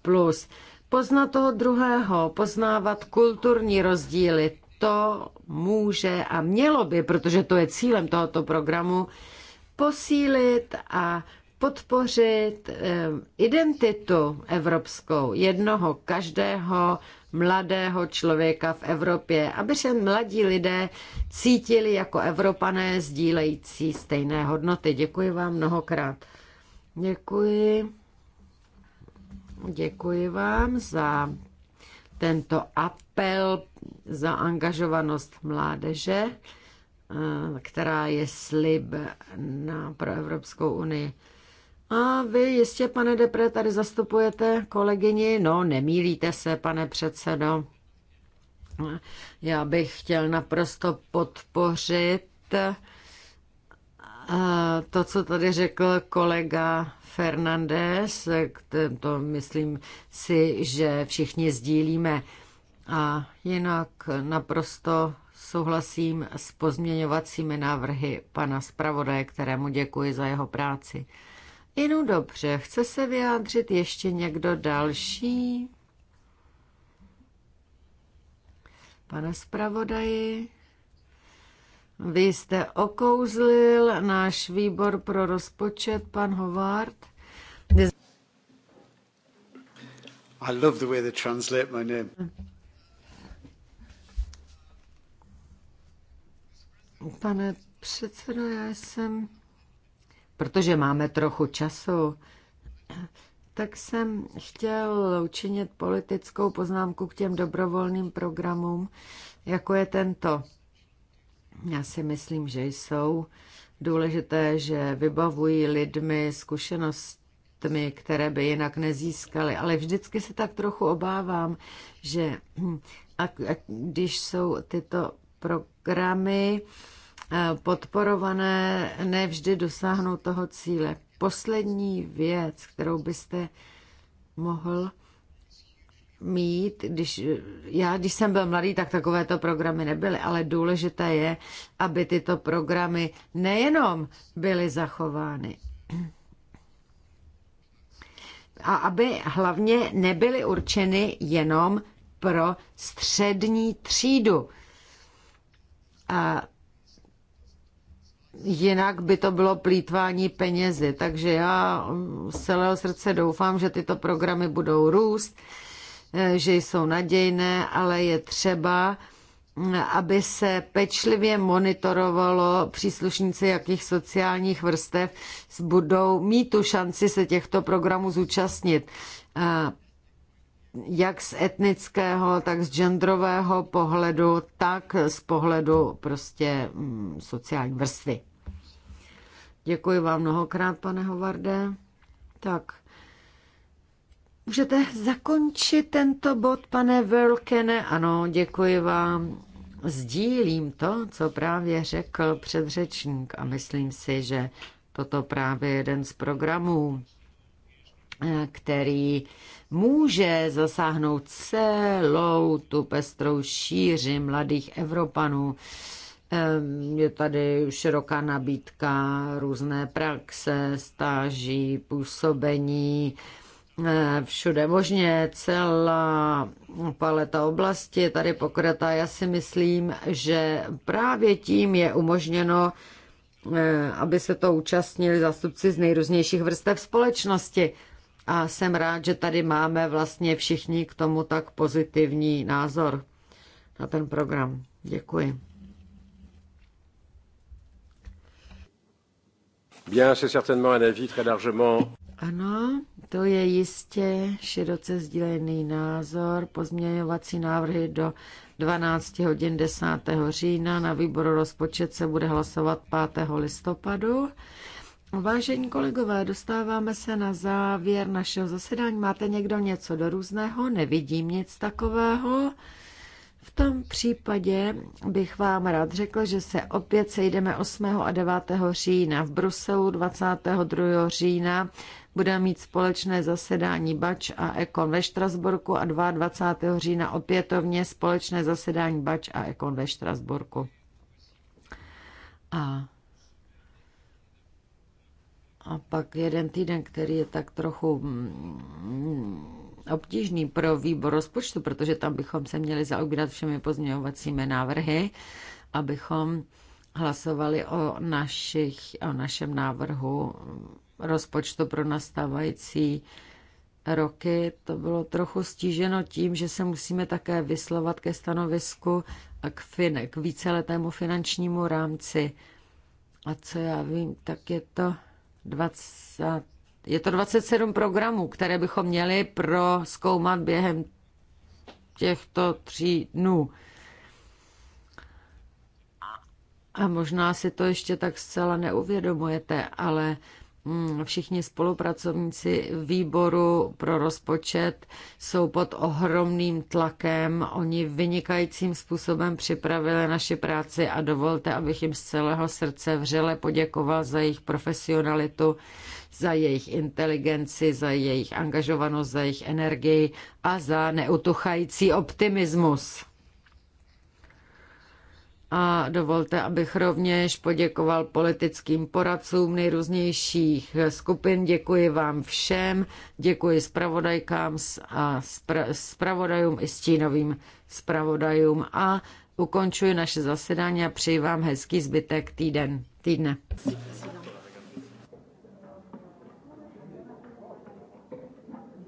Poznat toho druhého, poznávat kulturní rozdíly, to může a mělo by, protože to je cílem tohoto programu, posílit a podpořit eh, identitu evropskou jednoho, každého mladého člověka v Evropě, aby se mladí lidé cítili jako Evropané sdílející stejné hodnoty. Děkuji vám mnohokrát. Děkuji. Děkuji vám za tento apel za angažovanost mládeže, eh, která je slib na, pro Evropskou unii. A vy jistě, pane Depre, tady zastupujete kolegyni. No, nemýlíte se, pane předsedo. Já bych chtěl naprosto podpořit eh, to, co tady řekl kolega Fernandez, to myslím si, že všichni sdílíme. A jinak naprosto souhlasím s pozměňovacími návrhy pana zpravodaje, kterému děkuji za jeho práci. Inu, dobře, chce se vyjádřit ještě někdo další? Pane zpravodaji, vy jste okouzlil náš výbor pro rozpočet, pan Hovard. I love the way they translate my name. Pane předsedo, já jsem protože máme trochu času, tak jsem chtěl učinit politickou poznámku k těm dobrovolným programům, jako je tento. Já si myslím, že jsou důležité, že vybavují lidmi zkušenostmi, které by jinak nezískali. Ale vždycky se tak trochu obávám, že a, a když jsou tyto programy, podporované nevždy dosáhnou toho cíle. Poslední věc, kterou byste mohl mít, když, já když jsem byl mladý, tak takovéto programy nebyly, ale důležité je, aby tyto programy nejenom byly zachovány, a aby hlavně nebyly určeny jenom pro střední třídu. A Jinak by to bylo plítvání penězi, takže já mm, z celého srdce doufám, že tyto programy budou růst, eh, že jsou nadějné, ale je třeba, mm, aby se pečlivě monitorovalo příslušníci jakých sociálních vrstev budou mít tu šanci se těchto programů zúčastnit jak z etnického, tak z genderového pohledu, tak z pohledu prostě mm, sociální vrstvy. Děkuji vám mnohokrát, pane Hovarde. Tak, můžete zakončit tento bod, pane Verlkene? Ano, děkuji vám. Sdílím to, co právě řekl předřečník a myslím si, že toto právě jeden z programů, eh, který může zasáhnout celou tu pestrou šíři mladých Evropanů. Je tady široká nabídka, různé praxe, stáží, působení, eh, všude možně, celá paleta oblasti je tady pokrytá. Já si myslím, že právě tím je umožněno, eh, aby se to účastnili zástupci z nejrůznějších vrstev společnosti. A jsem rád, že tady máme vlastně všichni k tomu tak pozitivní názor na ten program. Děkuji. Bien, c'est certainement un avis très largement ano, to je jistě široce sdílený názor. Pozměňovací návrhy do 12 hodin 10. října na výboru rozpočet se bude hlasovat 5. listopadu Vážení kolegové, dostáváme se na závěr našeho zasedání. Máte někdo něco do různého? Nevidím nic takového. V tom případě bych vám rád řekl, že se opět sejdeme 8. a 9. října v Bruselu 22. října. bude mít společné zasedání Bač a Ekon ve Štrasburku a 22. října opětovně společné zasedání Bač a Ekon ve Štrasburku. A a pak jeden týden, který je tak trochu mm, obtížný pro výbor rozpočtu, protože tam bychom se měli zaobírat všemi pozměňovacími návrhy, abychom hlasovali o, našich, o našem návrhu rozpočtu pro nastávající roky. To bylo trochu stíženo tím, že se musíme také vyslovat ke stanovisku a k, fin, k víceletému finančnímu rámci. A co já vím, tak je to 20, je to 27 programů, které bychom měli proskoumat během těchto tří dnů. A možná si to ještě tak zcela neuvědomujete, ale Hmm, všichni spolupracovníci výboru pro rozpočet jsou pod ohromným tlakem. Oni vynikajícím způsobem připravili naši práci a dovolte, abych jim z celého srdce vřele poděkoval za jejich profesionalitu, za jejich inteligenci, za jejich angažovanost, za jejich energii a za neutuchající optimismus. A dovolte, abych rovněž poděkoval politickým poradcům nejrůznějších skupin. Děkuji vám všem, děkuji zpravodajkám a zpravodajům i stínovým zpravodajům a ukončuji naše zasedání a přeji vám hezký zbytek týden, týdne.